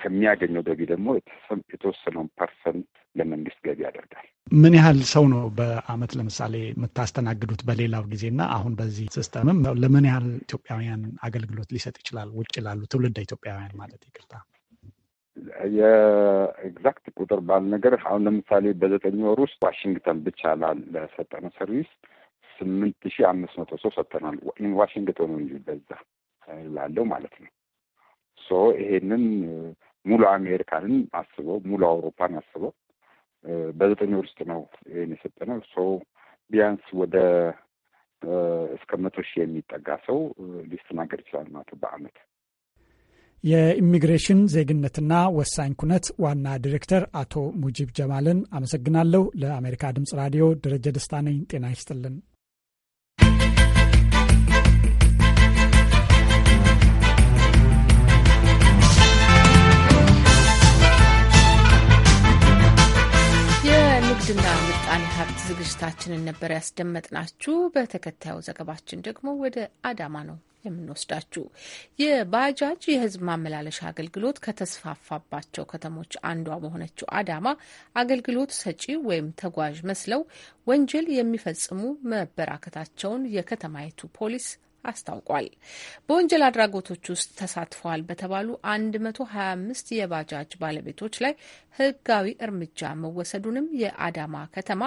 ከሚያገኘው ገቢ ደግሞ የተወሰነውን ፐርሰንት ለመንግስት ገቢ ያደርጋል። ምን ያህል ሰው ነው በአመት ለምሳሌ የምታስተናግዱት? በሌላው ጊዜና አሁን በዚህ ሲስተምም ለምን ያህል ኢትዮጵያውያን አገልግሎት ሊሰጥ ይችላል? ውጭ ላሉ ትውልድ ኢትዮጵያውያን ማለት ይቅርታ የኤግዛክት ቁጥር ባልነገርህ አሁን ለምሳሌ በዘጠኝ ወር ውስጥ ዋሽንግተን ብቻ ለሰጠነው ሰርቪስ ስምንት ሺ አምስት መቶ ሰው ሰጥተናል። ዋሽንግተኑ እንጂ በዛ ላለው ማለት ነው። ሶ ይሄንን ሙሉ አሜሪካንን አስበው ሙሉ አውሮፓን አስበው በዘጠኝ ወር ውስጥ ነው ይሄን የሰጠነው። ሶ ቢያንስ ወደ እስከ መቶ ሺህ የሚጠጋ ሰው ሊስተናገድ ይችላል ማለት በአመት የኢሚግሬሽን ዜግነትና ወሳኝ ኩነት ዋና ዲሬክተር አቶ ሙጂብ ጀማልን አመሰግናለሁ። ለአሜሪካ ድምጽ ራዲዮ ደረጀ ደስታ ነኝ። ጤና ይስጥልን። የንግድና ምጣኔ ሀብት ዝግጅታችንን ነበር ያስደመጥናችሁ። በተከታዩ ዘገባችን ደግሞ ወደ አዳማ ነው የምንወስዳችሁ የባጃጅ የሕዝብ ማመላለሻ አገልግሎት ከተስፋፋባቸው ከተሞች አንዷ በሆነችው አዳማ አገልግሎት ሰጪ ወይም ተጓዥ መስለው ወንጀል የሚፈጽሙ መበራከታቸውን የከተማይቱ ፖሊስ አስታውቋል። በወንጀል አድራጎቶች ውስጥ ተሳትፈዋል በተባሉ 125 የባጃጅ ባለቤቶች ላይ ሕጋዊ እርምጃ መወሰዱንም የአዳማ ከተማ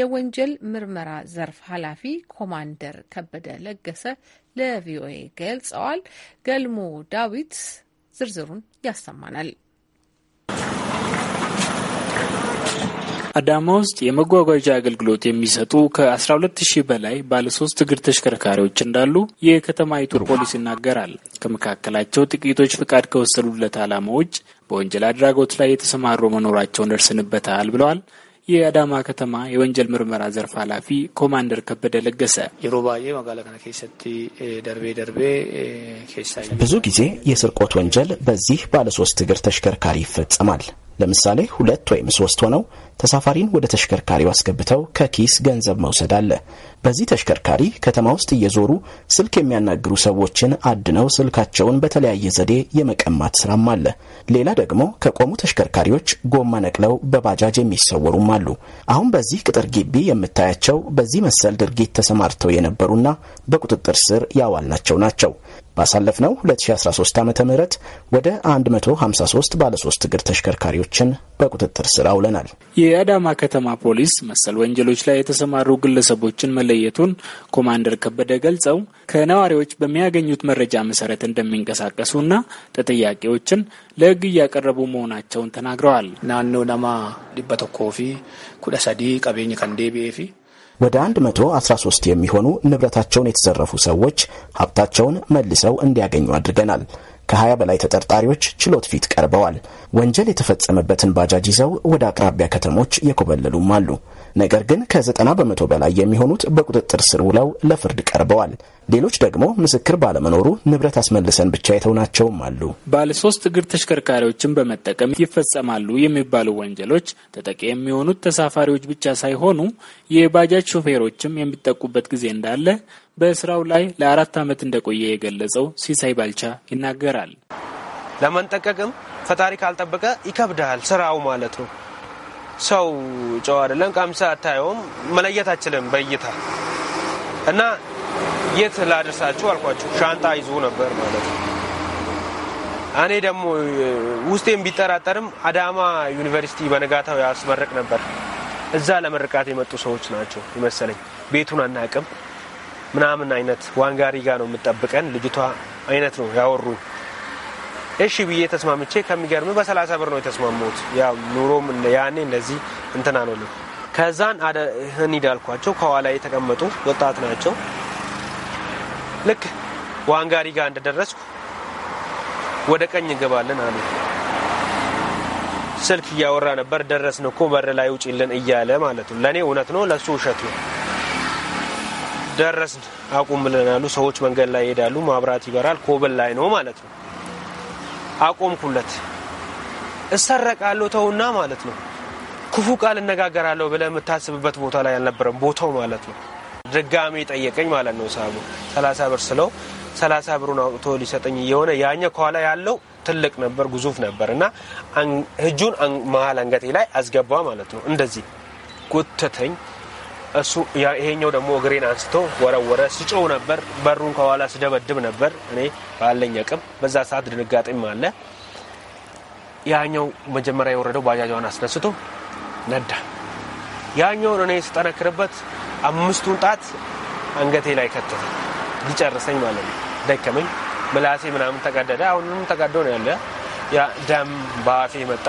የወንጀል ምርመራ ዘርፍ ኃላፊ ኮማንደር ከበደ ለገሰ ለቪኦኤ ገልጸዋል። ገልሞ ዳዊት ዝርዝሩን ያሰማናል። አዳማ ውስጥ የመጓጓዣ አገልግሎት የሚሰጡ ከ12 ሺህ በላይ ባለሶስት እግር ተሽከርካሪዎች እንዳሉ የከተማይቱ ፖሊስ ይናገራል። ከመካከላቸው ጥቂቶች ፍቃድ ከወሰዱለት ዓላማዎች በወንጀል አድራጎት ላይ የተሰማሩ መኖራቸውን ደርስንበታል ብለዋል። የአዳማ ከተማ የወንጀል ምርመራ ዘርፍ ኃላፊ ኮማንደር ከበደ ለገሰ ብዙ ጊዜ የስርቆት ወንጀል በዚህ ባለሶስት እግር ተሽከርካሪ ይፈጸማል። ለምሳሌ ሁለት ወይም ሶስት ሆነው ተሳፋሪን ወደ ተሽከርካሪው አስገብተው ከኪስ ገንዘብ መውሰድ አለ። በዚህ ተሽከርካሪ ከተማ ውስጥ እየዞሩ ስልክ የሚያናግሩ ሰዎችን አድነው ስልካቸውን በተለያየ ዘዴ የመቀማት ስራም አለ። ሌላ ደግሞ ከቆሙ ተሽከርካሪዎች ጎማ ነቅለው በባጃጅ የሚሰወሩም አሉ። አሁን በዚህ ቅጥር ግቢ የምታያቸው በዚህ መሰል ድርጊት ተሰማርተው የነበሩና በቁጥጥር ስር ያዋልናቸው ናቸው። ባሳለፍነው 2013 ዓ ም ወደ 153 ባለሶስት እግር ተሽከርካሪዎችን በቁጥጥር ስር አውለናል። የአዳማ ከተማ ፖሊስ መሰል ወንጀሎች ላይ የተሰማሩ ግለሰቦችን መለየቱን ኮማንደር ከበደ ገልጸው ከነዋሪዎች በሚያገኙት መረጃ መሰረት እንደሚንቀሳቀሱና ተጠያቂዎችን ለሕግ እያቀረቡ መሆናቸውን ተናግረዋል። ናኖ ነማ ዲበ ቶኮፊ ቀቤኝ ከንዴቢኤፊ ወደ 113 የሚሆኑ ንብረታቸውን የተዘረፉ ሰዎች ሀብታቸውን መልሰው እንዲያገኙ አድርገናል። ከ20 በላይ ተጠርጣሪዎች ችሎት ፊት ቀርበዋል። ወንጀል የተፈጸመበትን ባጃጅ ይዘው ወደ አቅራቢያ ከተሞች የኮበለሉም አሉ። ነገር ግን ከ90 በመቶ በላይ የሚሆኑት በቁጥጥር ስር ውለው ለፍርድ ቀርበዋል። ሌሎች ደግሞ ምስክር ባለመኖሩ ንብረት አስመልሰን ብቻ የተውናቸውም አሉ። ባለሶስት እግር ተሽከርካሪዎችን በመጠቀም ይፈጸማሉ የሚባሉ ወንጀሎች ተጠቂ የሚሆኑት ተሳፋሪዎች ብቻ ሳይሆኑ የባጃጅ ሾፌሮችም የሚጠቁበት ጊዜ እንዳለ በስራው ላይ ለአራት ዓመት እንደቆየ የገለጸው ሲሳይ ባልቻ ይናገራል። ለመንጠቀቅም ፈጣሪ ካልጠበቀ ይከብዳል ስራው ማለት ነው። ሰው ጨዋ አይደለም፣ ቀምሰህ አታየውም፣ መለየት አችልም በእይታ እና የት ላደርሳችሁ አልኳቸው። ሻንጣ ይዞ ነበር ማለት ነው። እኔ ደግሞ ውስጤን ቢጠራጠርም አዳማ ዩኒቨርሲቲ በነጋታው ያስመረቅ ነበር። እዛ ለመርቃት የመጡ ሰዎች ናቸው ይመሰለኝ። ቤቱን አናቅም ምናምን አይነት ዋንጋሪ ጋ ነው የምጠብቀን ልጅቷ አይነት ነው ያወሩኝ። እሺ ብዬ ተስማምቼ ከሚገርም በሰላሳ ብር ነው የተስማሙት። ኑሮም ያኔ እንደዚህ እንትና ነው። ከዛን እንሂድ አልኳቸው። ከኋላ የተቀመጡ ወጣት ናቸው ልክ ዋንጋሪ ጋር እንደደረስኩ ወደ ቀኝ እንገባለን አሉ። ስልክ እያወራ ነበር። ደረስን እኮ በር ላይ ውጪልን እያለ ማለት ነው። ለእኔ እውነት ነው፣ ለእሱ ውሸት ነው። ደረስን አቁም ብለናሉ። ሰዎች መንገድ ላይ ይሄዳሉ፣ ማብራት ይበራል። ኮብል ላይ ነው ማለት ነው። አቆምኩለት። እሰረቃለሁ ተውና ማለት ነው። ክፉ ቃል እነጋገራለሁ ብለህ የምታስብበት ቦታ ላይ አልነበረም ቦታው ማለት ነው። ድጋሜ ጠየቀኝ ማለት ነው። ሳቡ ሰላሳ ብር ስለው ሰላሳ ብሩን አውጥቶ ሊሰጠኝ የሆነ ያኛው ከኋላ ያለው ትልቅ ነበር፣ ግዙፍ ነበር እና እጁን መሀል አንገቴ ላይ አስገባ ማለት ነው። እንደዚህ ጎተተኝ። እሱ ይሄኛው ደግሞ እግሬን አንስቶ ወረወረ። ስጮው ነበር፣ በሩን ከኋላ ስደበድብ ነበር። እኔ ባለኝ አቅም በዛ ሰዓት ድንጋጤም አለ። ያኛው መጀመሪያ የወረደው ባጃጇን አስነስቶ ነዳ። ያኛውን እኔ ስጠነክርበት አምስቱን ጣት አንገቴ ላይ ከተተ ሊጨርሰኝ ማለት ነው። ደከመኝ፣ ምላሴ ምናምን ተቀደደ። አሁንም ተቀዶ ነው ያለ። ደም በአፌ መጣ።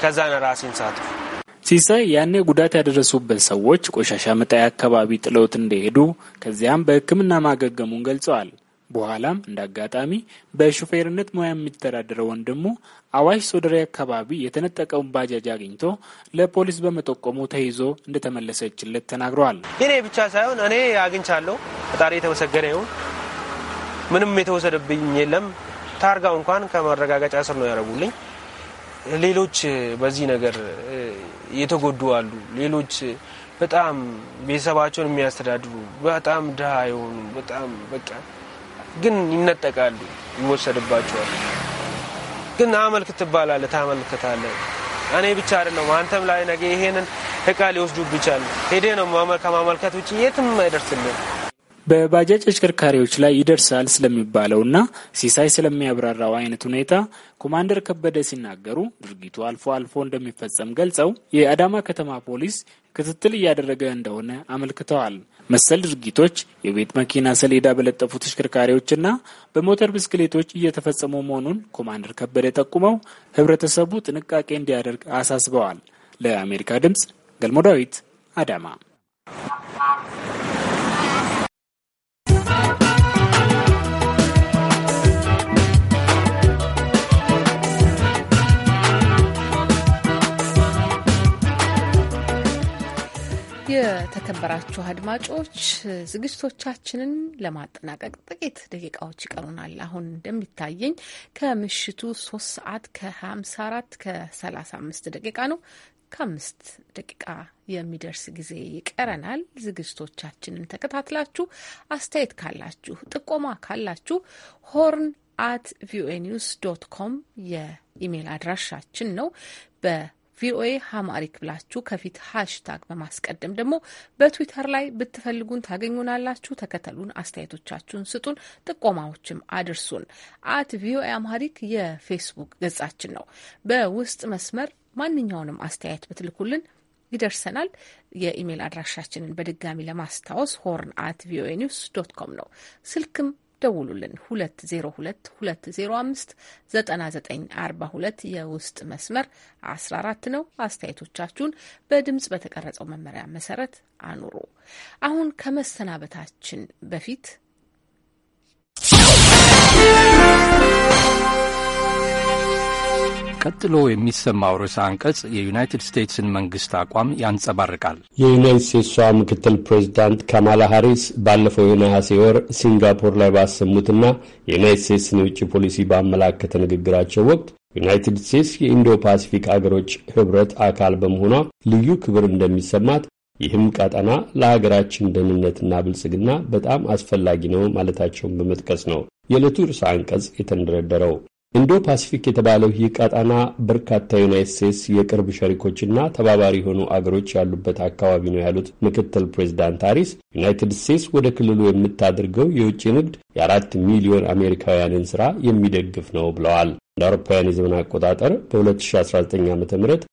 ከዛ ነው ራሴን ሲሳይ ያኔ ጉዳት ያደረሱበት ሰዎች ቆሻሻ መጣያ አካባቢ ጥለውት እንደሄዱ ከዚያም በሕክምና ማገገሙን ገልጸዋል። በኋላም እንደ አጋጣሚ በሹፌርነት ሙያ የሚተዳደረው ወንድሙ አዋሽ ሶደሬ አካባቢ የተነጠቀውን ባጃጅ አግኝቶ ለፖሊስ በመጠቆሙ ተይዞ እንደተመለሰችለት ተናግረዋል። እኔ ብቻ ሳይሆን እኔ አግኝቻለሁ። ፈጣሪ የተመሰገነ ይሁን። ምንም የተወሰደብኝ የለም። ታርጋው እንኳን ከማረጋገጫ ስር ነው ያደረጉልኝ። ሌሎች በዚህ ነገር የተጎዱ አሉ። ሌሎች በጣም ቤተሰባቸውን የሚያስተዳድሩ በጣም ድሃ የሆኑ በጣም በቃ ግን ይነጠቃሉ፣ ይወሰድባቸዋል። ግን አመልክ ትባላለህ፣ ታመልክታለህ። እኔ ብቻ አይደለም አንተም ላይ ነገ ይሄንን እቃ ሊወስዱ ይችላል። ሄደህ ነው ከማመልከት ውጭ የትም አይደርስልን በባጃጅ አሽከርካሪዎች ላይ ይደርሳል ስለሚባለውና ሲሳይ ስለሚያብራራው አይነት ሁኔታ ኮማንደር ከበደ ሲናገሩ ድርጊቱ አልፎ አልፎ እንደሚፈጸም ገልጸው የአዳማ ከተማ ፖሊስ ክትትል እያደረገ እንደሆነ አመልክተዋል። መሰል ድርጊቶች የቤት መኪና ሰሌዳ በለጠፉ ተሽከርካሪዎችና በሞተር ብስክሌቶች እየተፈጸሙ መሆኑን ኮማንደር ከበደ ጠቁመው ህብረተሰቡ ጥንቃቄ እንዲያደርግ አሳስበዋል። ለአሜሪካ ድምጽ ገልሞ ዳዊት አዳማ የተከበራችሁ አድማጮች ዝግጅቶቻችንን ለማጠናቀቅ ጥቂት ደቂቃዎች ይቀሩናል። አሁን እንደሚታየኝ ከምሽቱ ሶስት ሰዓት ከሀምሳ አራት ከሰላሳ አምስት ደቂቃ ነው። ከአምስት ደቂቃ የሚደርስ ጊዜ ይቀረናል። ዝግጅቶቻችንን ተከታትላችሁ አስተያየት ካላችሁ፣ ጥቆማ ካላችሁ ሆርን አት ቪኦኤ ኒውስ ዶት ኮም የኢሜይል አድራሻችን ነው በ ቪኦኤ ሀማሪክ ብላችሁ ከፊት ሀሽታግ በማስቀደም ደግሞ በትዊተር ላይ ብትፈልጉን ታገኙናላችሁ። ተከተሉን፣ አስተያየቶቻችሁን ስጡን፣ ጥቆማዎችም አድርሱን። አት ቪኦኤ አማሪክ የፌስቡክ ገጻችን ነው። በውስጥ መስመር ማንኛውንም አስተያየት ብትልኩልን ይደርሰናል። የኢሜይል አድራሻችንን በድጋሚ ለማስታወስ ሆርን አት ቪኦኤ ኒውስ ዶት ኮም ነው። ስልክም ደውሉልን 2022059942 የውስጥ መስመር 14 ነው። አስተያየቶቻችሁን በድምጽ በተቀረጸው መመሪያ መሰረት አኑሩ። አሁን ከመሰናበታችን በፊት ቀጥሎ የሚሰማው ርዕሰ አንቀጽ የዩናይትድ ስቴትስን መንግስት አቋም ያንጸባርቃል። የዩናይትድ ስቴትሷ ምክትል ፕሬዚዳንት ካማላ ሃሪስ ባለፈው የነሐሴ ወር ሲንጋፖር ላይ ባሰሙትና የዩናይትድ ስቴትስን የውጭ ፖሊሲ ባመላከተ ንግግራቸው ወቅት ዩናይትድ ስቴትስ የኢንዶ ፓሲፊክ አገሮች ህብረት አካል በመሆኗ ልዩ ክብር እንደሚሰማት ይህም ቀጠና ለሀገራችን ደህንነትና ብልጽግና በጣም አስፈላጊ ነው ማለታቸውን በመጥቀስ ነው የዕለቱ ርዕሰ አንቀጽ የተንደረደረው። ኢንዶ ፓሲፊክ የተባለው ይህ ቀጣና በርካታ ዩናይት ስቴትስ የቅርብ ሸሪኮችና ተባባሪ የሆኑ አገሮች ያሉበት አካባቢ ነው ያሉት ምክትል ፕሬዚዳንት ሃሪስ ዩናይትድ ስቴትስ ወደ ክልሉ የምታደርገው የውጭ ንግድ የአራት ሚሊዮን አሜሪካውያንን ስራ የሚደግፍ ነው ብለዋል። እንደ አውሮፓውያን የዘመን አቆጣጠር በ2019 ዓ ም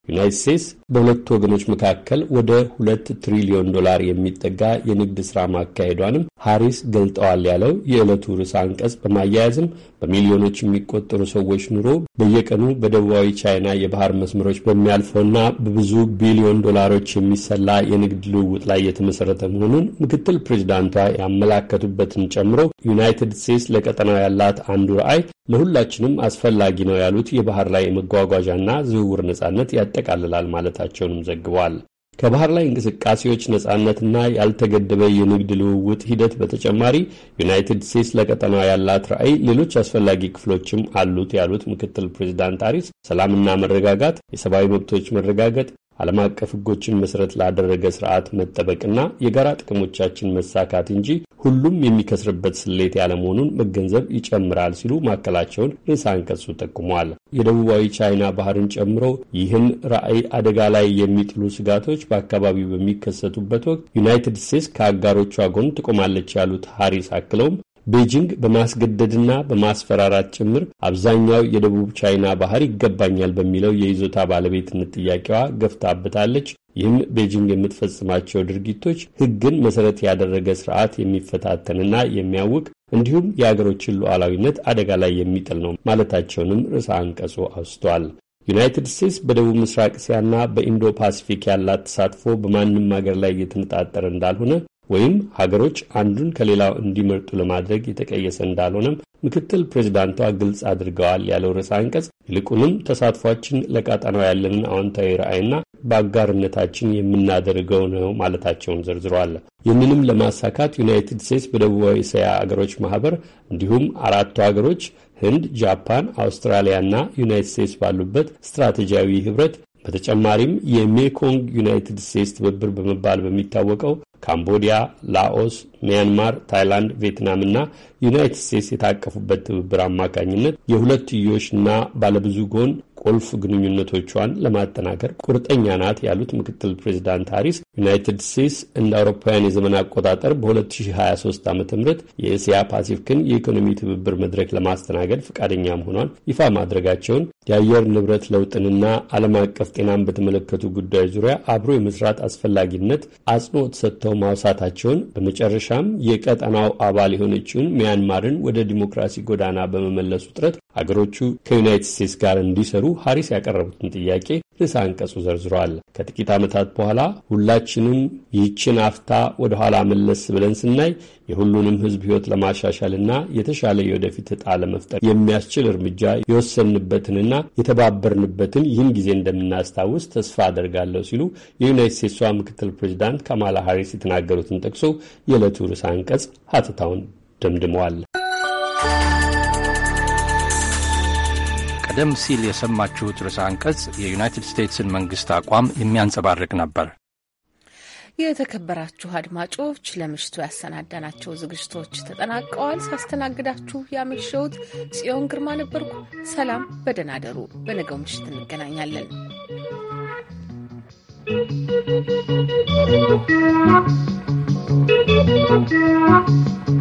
ዩናይት ስቴትስ በሁለቱ ወገኖች መካከል ወደ ሁለት ትሪሊዮን ዶላር የሚጠጋ የንግድ ሥራ ማካሄዷንም ሃሪስ ገልጠዋል ያለው የዕለቱ ርዕስ አንቀጽ በማያያዝም በሚሊዮኖች የሚቆጠሩ ሰዎች ኑሮ በየቀኑ በደቡባዊ ቻይና የባህር መስመሮች በሚያልፈውና በብዙ ቢሊዮን ዶላሮች የሚሰላ የንግድ ልውውጥ ላይ የተመሰረተ መሆኑን ምክትል ፕሬዚዳንቷ ያመላከቱበትን ጨምሮ ዩናይትድ ስቴትስ ለቀጠናው ያላት አንዱ ረአይ ለሁላችንም አስፈላጊ አስፈላጊ ነው ያሉት የባህር ላይ መጓጓዣና ዝውውር ነጻነት ያጠቃልላል ማለታቸውንም ዘግቧል። ከባህር ላይ እንቅስቃሴዎች ነጻነትና ያልተገደበ የንግድ ልውውጥ ሂደት በተጨማሪ ዩናይትድ ስቴትስ ለቀጠናው ያላት ራዕይ ሌሎች አስፈላጊ ክፍሎችም አሉት ያሉት ምክትል ፕሬዚዳንት ሃሪስ ሰላምና መረጋጋት፣ የሰብአዊ መብቶች መረጋገጥ፣ ዓለም አቀፍ ሕጎችን መሠረት ላደረገ ስርዓት መጠበቅና የጋራ ጥቅሞቻችን መሳካት እንጂ ሁሉም የሚከስርበት ስሌት ያለመሆኑን መገንዘብ ይጨምራል ሲሉ ማከላቸውን ርዕሰ አንቀጹ ጠቁሟል። የደቡባዊ ቻይና ባህርን ጨምሮ ይህን ራዕይ አደጋ ላይ የሚጥሉ ስጋቶች በአካባቢው በሚከሰቱበት ወቅት ዩናይትድ ስቴትስ ከአጋሮቿ ጎን ትቆማለች ያሉት ሀሪስ አክለውም ቤጂንግ በማስገደድና በማስፈራራት ጭምር አብዛኛው የደቡብ ቻይና ባህር ይገባኛል በሚለው የይዞታ ባለቤትነት ጥያቄዋ ገፍታበታለች። ይህም ቤጂንግ የምትፈጽማቸው ድርጊቶች ሕግን መሰረት ያደረገ ስርዓት የሚፈታተንና የሚያውቅ እንዲሁም የአገሮችን ሉዓላዊነት አደጋ ላይ የሚጥል ነው ማለታቸውንም ርዕሰ አንቀጹ አውስቷል። ዩናይትድ ስቴትስ በደቡብ ምስራቅ እስያና በኢንዶ ፓሲፊክ ያላት ተሳትፎ በማንም ሀገር ላይ እየተነጣጠረ እንዳልሆነ ወይም ሀገሮች አንዱን ከሌላው እንዲመርጡ ለማድረግ የተቀየሰ እንዳልሆነም ምክትል ፕሬዚዳንቷ ግልጽ አድርገዋል ያለው ርዕሰ አንቀጽ ይልቁንም ተሳትፏችን ለቀጣናው ያለንን አዎንታዊ ራዕይና በአጋርነታችን የምናደርገው ነው ማለታቸውን ዘርዝረዋል። ይህንንም ለማሳካት ዩናይትድ ስቴትስ በደቡባዊ እስያ አገሮች ማህበር እንዲሁም አራቱ አገሮች ህንድ፣ ጃፓን፣ አውስትራሊያ እና ዩናይትድ ስቴትስ ባሉበት ስትራቴጂያዊ ህብረት በተጨማሪም የሜኮንግ ዩናይትድ ስቴትስ ትብብር በመባል በሚታወቀው ካምቦዲያ፣ ላኦስ፣ ሚያንማር፣ ታይላንድ፣ ቪየትናም እና ዩናይትድ ስቴትስ የታቀፉበት ትብብር አማካኝነት የሁለትዮሽና ባለብዙ ጎን ቁልፍ ግንኙነቶቿን ለማጠናከር ቁርጠኛ ናት ያሉት ምክትል ፕሬዚዳንት ሃሪስ ዩናይትድ ስቴትስ እንደ አውሮፓውያን የዘመን አቆጣጠር በ2023 ዓ ም የእስያ ፓሲፊክን የኢኮኖሚ ትብብር መድረክ ለማስተናገድ ፈቃደኛ መሆኗን ይፋ ማድረጋቸውን የአየር ንብረት ለውጥንና ዓለም አቀፍ ጤናን በተመለከቱ ጉዳዮች ዙሪያ አብሮ የመስራት አስፈላጊነት አጽንኦት ሰጥተው ማውሳታቸውን በመጨረሻም የቀጠናው አባል የሆነችውን ሚያንማርን ወደ ዲሞክራሲ ጎዳና በመመለሱ ጥረት አገሮቹ ከዩናይትድ ስቴትስ ጋር እንዲሰሩ ሀሪስ ያቀረቡትን ጥያቄ ርዕሰ አንቀጹ ዘርዝሯል። ከጥቂት ዓመታት በኋላ ሁላችንም ይህችን አፍታ ወደ ኋላ መለስ ብለን ስናይ የሁሉንም ሕዝብ ሕይወት ለማሻሻልና የተሻለ የወደፊት ዕጣ ለመፍጠር የሚያስችል እርምጃ የወሰንበትንና የተባበርንበትን ይህን ጊዜ እንደምናስታውስ ተስፋ አደርጋለሁ ሲሉ የዩናይት ስቴትሷ ምክትል ፕሬዚዳንት ካማላ ሀሪስ የተናገሩትን ጠቅሶ የዕለቱ ርዕሰ አንቀጽ ሀተታውን ደምድመዋል። ቀደም ሲል የሰማችሁት ርዕሰ አንቀጽ የዩናይትድ ስቴትስን መንግስት አቋም የሚያንጸባርቅ ነበር። የተከበራችሁ አድማጮች ለምሽቱ ያሰናዳናቸው ዝግጅቶች ተጠናቀዋል። ሳስተናግዳችሁ ያመሸሁት ጽዮን ግርማ ነበርኩ። ሰላም፣ በደህና አደሩ። በነገው ምሽት እንገናኛለን።